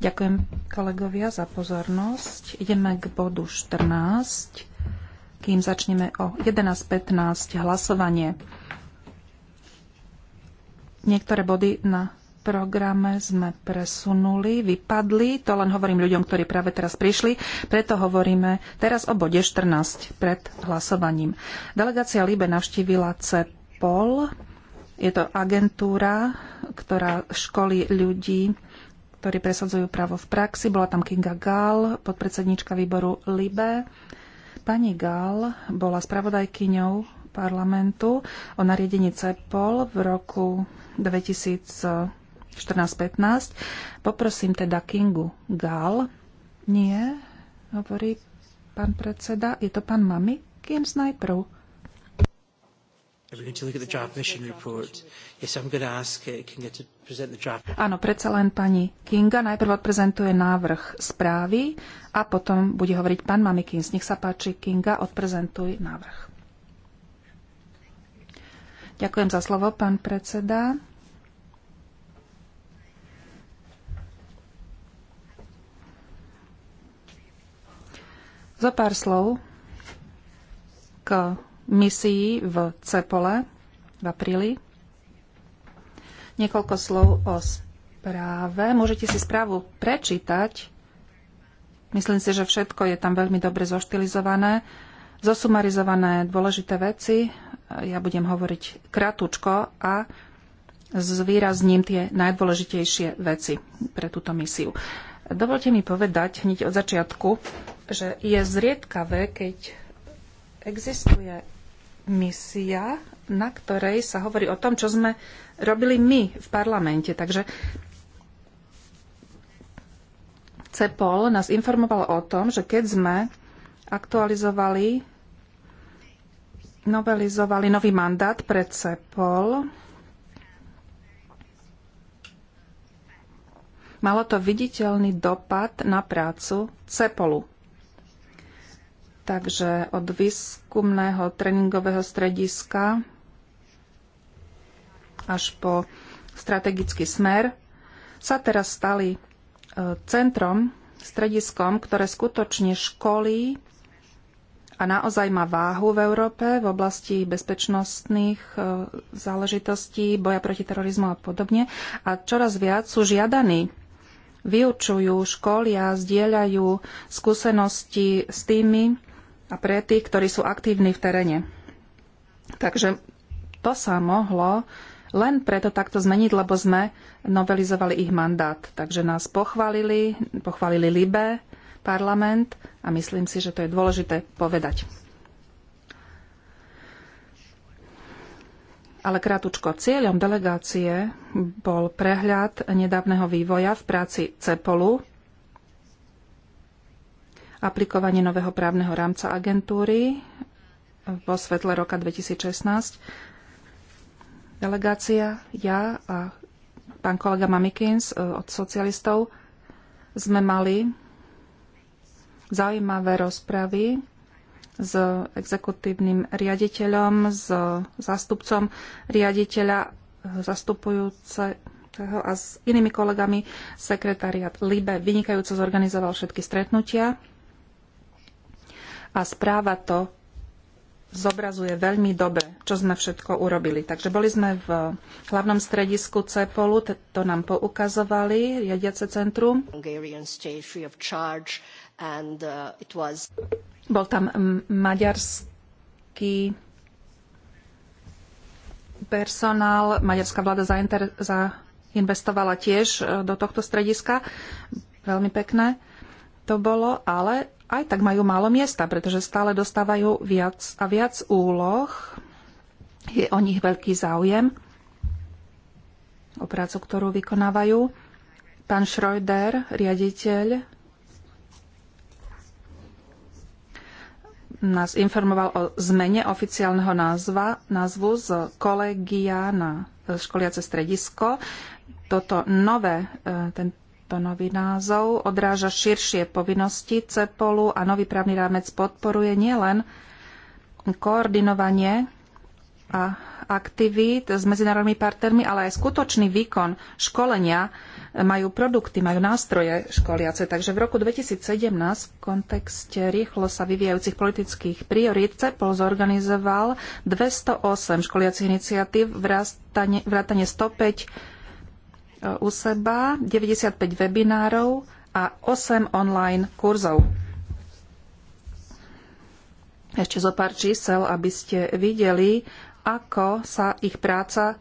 Ďakujem kolegovia za pozornosť. Ideme k bodu 14, kým začneme o 11.15 hlasovanie. Niektoré body na programe sme presunuli, vypadli. To len hovorím ľuďom, ktorí práve teraz prišli. Preto hovoríme teraz o bode 14 pred hlasovaním. Delegácia LIBE navštívila CEPOL. Je to agentúra ktorá školí ľudí, ktorí presadzujú právo v praxi. Bola tam Kinga Gall, podpredsednička výboru LIBE. Pani Gall bola spravodajkyňou parlamentu o nariadení CEPOL v roku 2014-15. Poprosím teda Kingu Gall. Nie, hovorí pán predseda. Je to pán Mami? Kým najprv? Uh, Áno, predsa len pani Kinga najprv odprezentuje návrh správy a potom bude hovoriť pán Mamikins. Nech sa páči, Kinga, odprezentuj návrh. Ďakujem za slovo, pán predseda. Za pár slov k misií v Cepole v apríli. Niekoľko slov o správe. Môžete si správu prečítať. Myslím si, že všetko je tam veľmi dobre zoštilizované, zosumarizované dôležité veci. Ja budem hovoriť kratučko a zvýrazním tie najdôležitejšie veci pre túto misiu. Dovolte mi povedať hneď od začiatku, že je zriedkavé, keď existuje misia, na ktorej sa hovorí o tom, čo sme robili my v parlamente. Takže CEPOL nás informoval o tom, že keď sme aktualizovali, novelizovali nový mandát pre CEPOL, malo to viditeľný dopad na prácu CEPOLu. Takže od výskumného tréningového strediska až po strategický smer sa teraz stali e, centrom, strediskom, ktoré skutočne školí a naozaj má váhu v Európe v oblasti bezpečnostných e, záležitostí, boja proti terorizmu a podobne. A čoraz viac sú žiadaní vyučujú, školia, zdieľajú skúsenosti s tými, a pre tých, ktorí sú aktívni v teréne. Takže to sa mohlo len preto takto zmeniť, lebo sme novelizovali ich mandát. Takže nás pochválili, pochválili Libe, parlament a myslím si, že to je dôležité povedať. Ale krátučko, cieľom delegácie bol prehľad nedávneho vývoja v práci CEPOLu aplikovanie nového právneho rámca agentúry vo svetle roka 2016. Delegácia, ja a pán kolega Mamikins e, od socialistov sme mali zaujímavé rozpravy s exekutívnym riaditeľom, s zástupcom riaditeľa, e, zastupujúceho a s inými kolegami. Sekretariat LIBE vynikajúco zorganizoval všetky stretnutia a správa to zobrazuje veľmi dobre, čo sme všetko urobili. Takže boli sme v hlavnom stredisku CEPOLu, to nám poukazovali, riadiace centrum. Uh, Bol tam maďarský personál, maďarská vláda zainter- zainvestovala tiež e, do tohto strediska. Veľmi pekné to bolo, ale aj tak majú málo miesta, pretože stále dostávajú viac a viac úloh. Je o nich veľký záujem o prácu, ktorú vykonávajú. Pán Schroeder, riaditeľ, nás informoval o zmene oficiálneho názva, názvu z kolegia na školiace stredisko. Toto nové, e, ten, nový názov odráža širšie povinnosti CEPOLu a nový právny rámec podporuje nielen koordinovanie a aktivít s medzinárodnými partnermi, ale aj skutočný výkon školenia majú produkty, majú nástroje školiace. Takže v roku 2017 v kontexte rýchlo sa vyvíjajúcich politických priorít CEPOL zorganizoval 208 školiacich iniciatív, vrátane 105 u seba, 95 webinárov a 8 online kurzov. Ešte zo pár čísel, aby ste videli, ako sa ich práca e,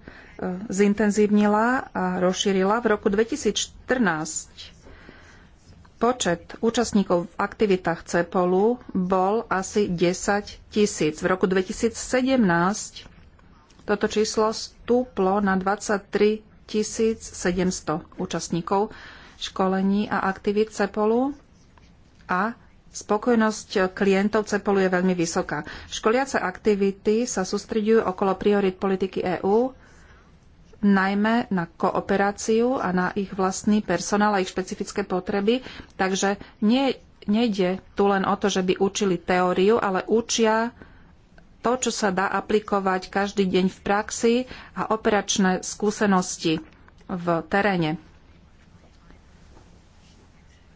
zintenzívnila a rozšírila. V roku 2014 počet účastníkov v aktivitách CEPOLu bol asi 10 tisíc. V roku 2017 toto číslo stúplo na 23 1700 účastníkov školení a aktivít CEPOLu a spokojnosť klientov CEPOLu je veľmi vysoká. Školiace aktivity sa sústreďujú okolo priorit politiky EÚ, najmä na kooperáciu a na ich vlastný personál a ich špecifické potreby, takže nie, nejde tu len o to, že by učili teóriu, ale učia to, čo sa dá aplikovať každý deň v praxi a operačné skúsenosti v teréne.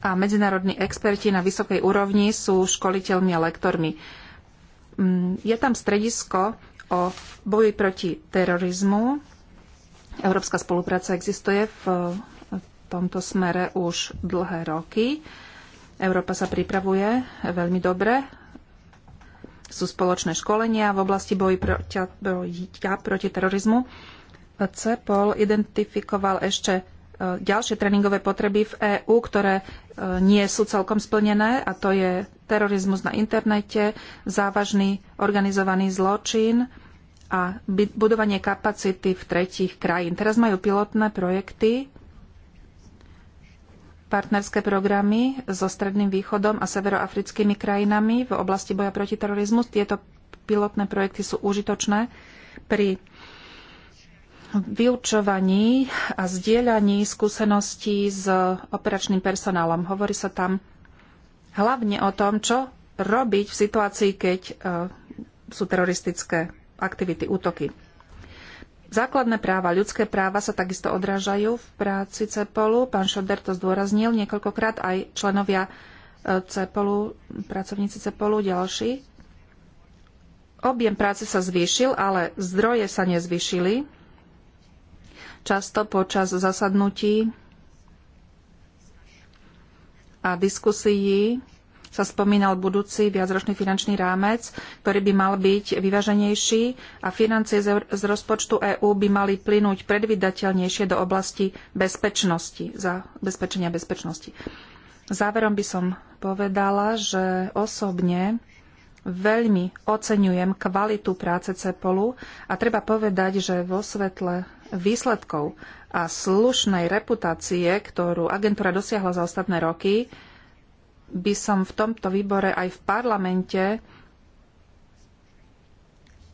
A medzinárodní experti na vysokej úrovni sú školiteľmi a lektormi. Mm, je tam stredisko o boji proti terorizmu. Európska spolupráca existuje v tomto smere už dlhé roky. Európa sa pripravuje veľmi dobre sú spoločné školenia v oblasti boji proti, proti terorizmu. CEPOL identifikoval ešte e, ďalšie tréningové potreby v EÚ, ktoré e, nie sú celkom splnené, a to je terorizmus na internete, závažný organizovaný zločin a budovanie kapacity v tretích krajín. Teraz majú pilotné projekty partnerské programy so Stredným východom a severoafrickými krajinami v oblasti boja proti terorizmu. Tieto pilotné projekty sú užitočné pri vyučovaní a zdieľaní skúseností s operačným personálom. Hovorí sa tam hlavne o tom, čo robiť v situácii, keď e, sú teroristické aktivity, útoky. Základné práva, ľudské práva sa takisto odrážajú v práci CEPOLu. Pán Šoder to zdôraznil niekoľkokrát, aj členovia e, CEPOLu, pracovníci CEPOLu, ďalší. Objem práce sa zvýšil, ale zdroje sa nezvýšili. Často počas zasadnutí a diskusií sa spomínal budúci viacročný finančný rámec, ktorý by mal byť vyvaženejší a financie z rozpočtu EÚ by mali plynúť predvydateľnejšie do oblasti bezpečnosti, za bezpečenia bezpečnosti. Záverom by som povedala, že osobne veľmi oceňujem kvalitu práce Cepolu a treba povedať, že vo svetle výsledkov a slušnej reputácie, ktorú agentúra dosiahla za ostatné roky, by som v tomto výbore aj v parlamente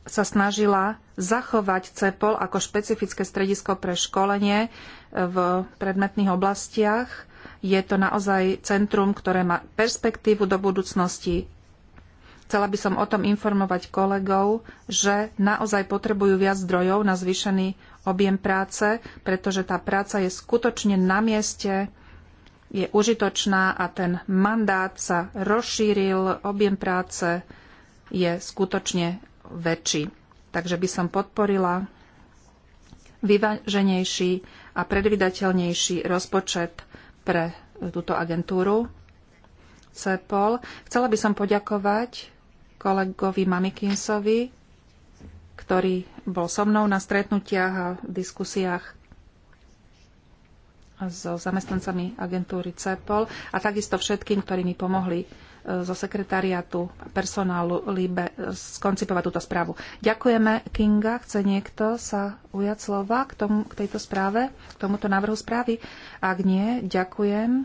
sa snažila zachovať CEPOL ako špecifické stredisko pre školenie v predmetných oblastiach. Je to naozaj centrum, ktoré má perspektívu do budúcnosti. Chcela by som o tom informovať kolegov, že naozaj potrebujú viac zdrojov na zvýšený objem práce, pretože tá práca je skutočne na mieste je užitočná a ten mandát sa rozšíril, objem práce je skutočne väčší. Takže by som podporila vyváženejší a predvydateľnejší rozpočet pre túto agentúru CEPOL. Chcela by som poďakovať kolegovi Mamikinsovi, ktorý bol so mnou na stretnutiach a diskusiách so zamestnancami agentúry CEPOL a takisto všetkým, ktorí mi pomohli e, zo sekretariatu personálu Libe e, skoncipovať túto správu. Ďakujeme, Kinga. Chce niekto sa ujať slova k, tomu, k tejto správe, k tomuto návrhu správy? Ak nie, ďakujem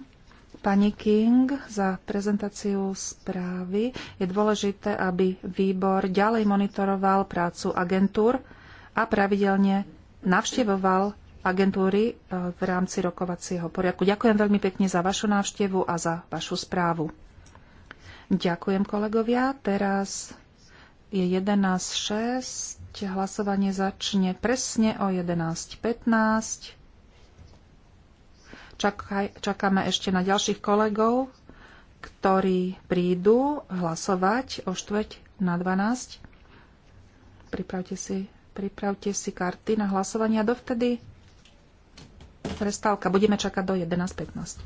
pani King za prezentáciu správy. Je dôležité, aby výbor ďalej monitoroval prácu agentúr a pravidelne navštevoval agentúry e, v rámci rokovacieho poriadku. Ďakujem veľmi pekne za vašu návštevu a za vašu správu. Ďakujem kolegovia. Teraz je 11.06. Hlasovanie začne presne o 11.15. Čakaj, čakáme ešte na ďalších kolegov, ktorí prídu hlasovať o štveť na 12. Pripravte si, pripravte si karty na hlasovanie a dovtedy prestávka. Budeme čakať do 11.15.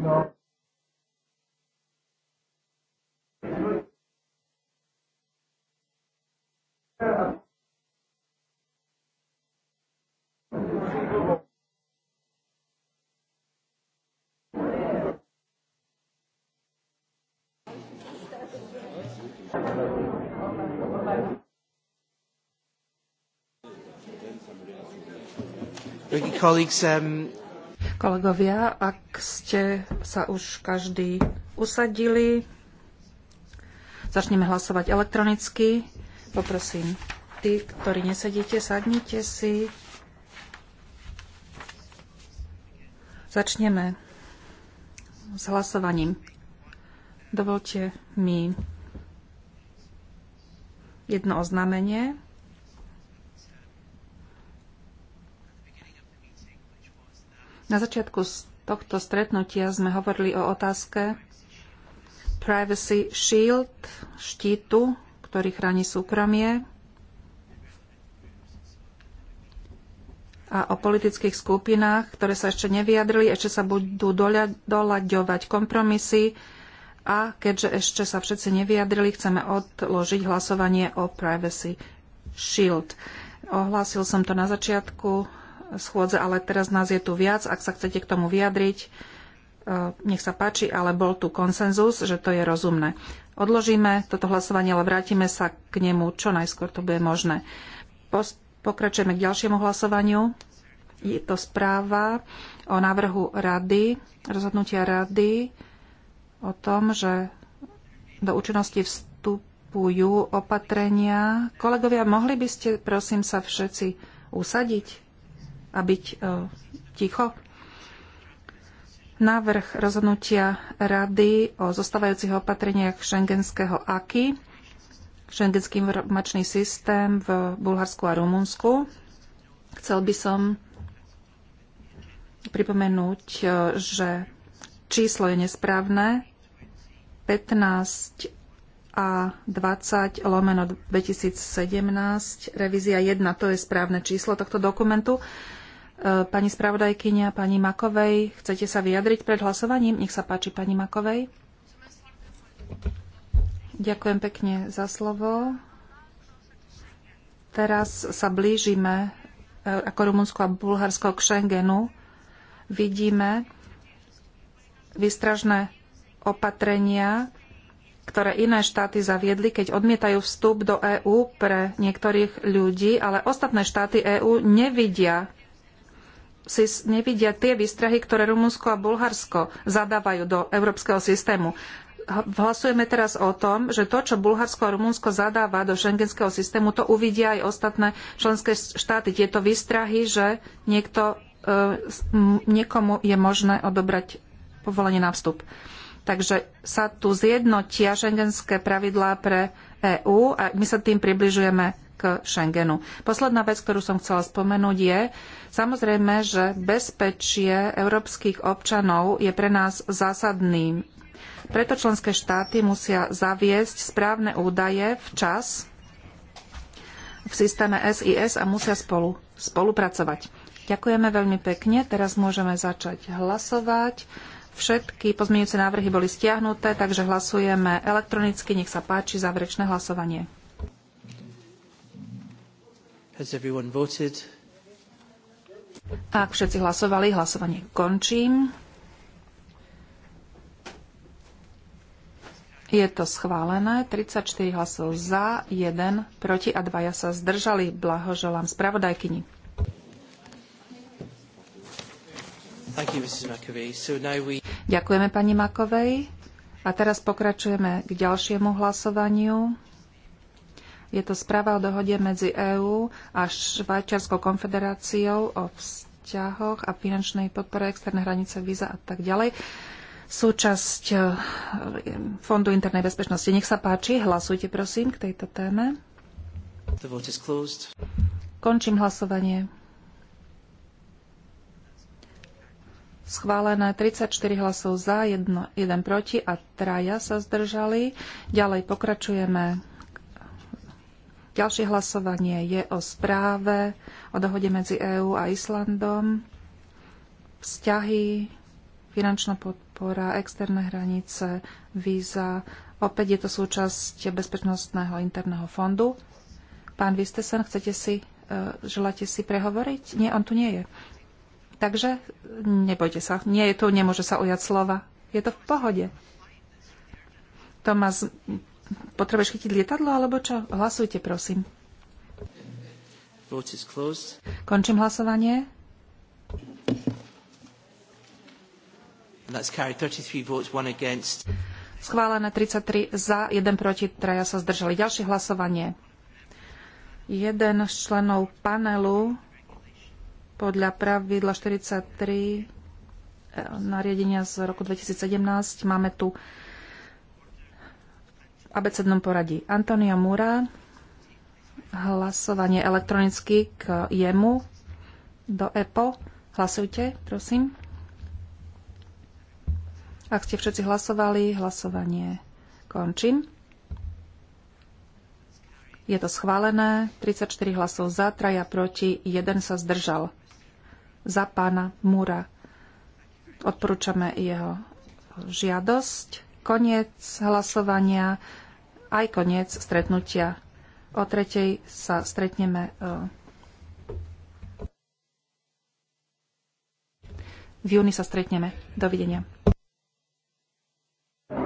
No. Ricky colleagues, um, Kolegovia, ak ste sa už každý usadili, začneme hlasovať elektronicky. Poprosím, tí, ktorí nesedíte, sadnite si. Začneme s hlasovaním. Dovolte mi jedno oznámenie. Na začiatku tohto stretnutia sme hovorili o otázke Privacy Shield, štítu, ktorý chráni súkromie a o politických skupinách, ktoré sa ešte nevyjadrili, ešte sa budú doľaďovať kompromisy a keďže ešte sa všetci nevyjadrili, chceme odložiť hlasovanie o Privacy Shield. Ohlásil som to na začiatku schôdze, ale teraz nás je tu viac. Ak sa chcete k tomu vyjadriť, e, nech sa páči, ale bol tu konsenzus, že to je rozumné. Odložíme toto hlasovanie, ale vrátime sa k nemu čo najskôr to bude možné. Pokračujeme k ďalšiemu hlasovaniu. Je to správa o návrhu rady, rozhodnutia rady o tom, že do účinnosti vstupujú opatrenia. Kolegovia, mohli by ste prosím sa všetci usadiť? a byť e, ticho? Návrh rozhodnutia Rady o zostávajúcich opatreniach šengenského AKI, šengenský informačný systém v Bulharsku a Rumunsku. Chcel by som pripomenúť, e, že číslo je nesprávne. 15 a 20 lomeno 2017, revízia 1, to je správne číslo tohto dokumentu. Pani spravodajkynia, pani Makovej, chcete sa vyjadriť pred hlasovaním? Nech sa páči, pani Makovej. Ďakujem pekne za slovo. Teraz sa blížime e, ako Rumunsko a Bulharsko k Schengenu. Vidíme výstražné opatrenia, ktoré iné štáty zaviedli, keď odmietajú vstup do EÚ pre niektorých ľudí, ale ostatné štáty EÚ nevidia si nevidia tie výstrahy, ktoré Rumunsko a Bulharsko zadávajú do európskeho systému. Hlasujeme teraz o tom, že to, čo Bulharsko a Rumunsko zadáva do schengenského systému, to uvidia aj ostatné členské štáty. Tieto výstrahy, že niekto, e, niekomu je možné odobrať povolenie na vstup. Takže sa tu zjednotia schengenské pravidlá pre EÚ a my sa tým približujeme k Schengenu. Posledná vec, ktorú som chcela spomenúť, je samozrejme, že bezpečie európskych občanov je pre nás zásadným. Preto členské štáty musia zaviesť správne údaje včas v systéme SIS a musia spolu, spolupracovať. Ďakujeme veľmi pekne. Teraz môžeme začať hlasovať. Všetky pozmeňujúce návrhy boli stiahnuté, takže hlasujeme elektronicky. Nech sa páči záverečné hlasovanie. Has everyone voted? Ak všetci hlasovali, hlasovanie končím. Je to schválené. 34 hlasov za, 1 proti a dvaja sa zdržali. Blahoželám spravodajkyni. You, so we... Ďakujeme pani Makovej. A teraz pokračujeme k ďalšiemu hlasovaniu. Je to správa o dohode medzi EÚ a Švajčiarskou konfederáciou o vzťahoch a finančnej podpore externé hranice, víza a tak ďalej. Súčasť e, Fondu internej bezpečnosti. Nech sa páči, hlasujte prosím k tejto téme. Končím hlasovanie. schválené 34 hlasov za, 1, 1 proti a traja sa zdržali. Ďalej pokračujeme Ďalšie hlasovanie je o správe o dohode medzi EÚ a Islandom, vzťahy, finančná podpora, externé hranice, víza. Opäť je to súčasť Bezpečnostného interného fondu. Pán Vistesen, chcete si, e, želáte si prehovoriť? Nie, on tu nie je. Takže nebojte sa, nie je tu, nemôže sa ujať slova. Je to v pohode. Tomás potrebuješ chytiť lietadlo, alebo čo? Hlasujte, prosím. Končím hlasovanie. Schválené 33 za, 1 proti, traja sa zdržali. Ďalšie hlasovanie. Jeden z členov panelu podľa pravidla 43 eh, nariadenia z roku 2017 máme tu abecednom poradí. Antonia Mura, hlasovanie elektronicky k jemu do EPO. Hlasujte, prosím. Ak ste všetci hlasovali, hlasovanie končím. Je to schválené. 34 hlasov za, traja proti, jeden sa zdržal. Za pána Múra. Odporúčame jeho žiadosť. Koniec hlasovania aj koniec stretnutia. O tretej sa stretneme e, v júni sa stretneme. Dovidenia.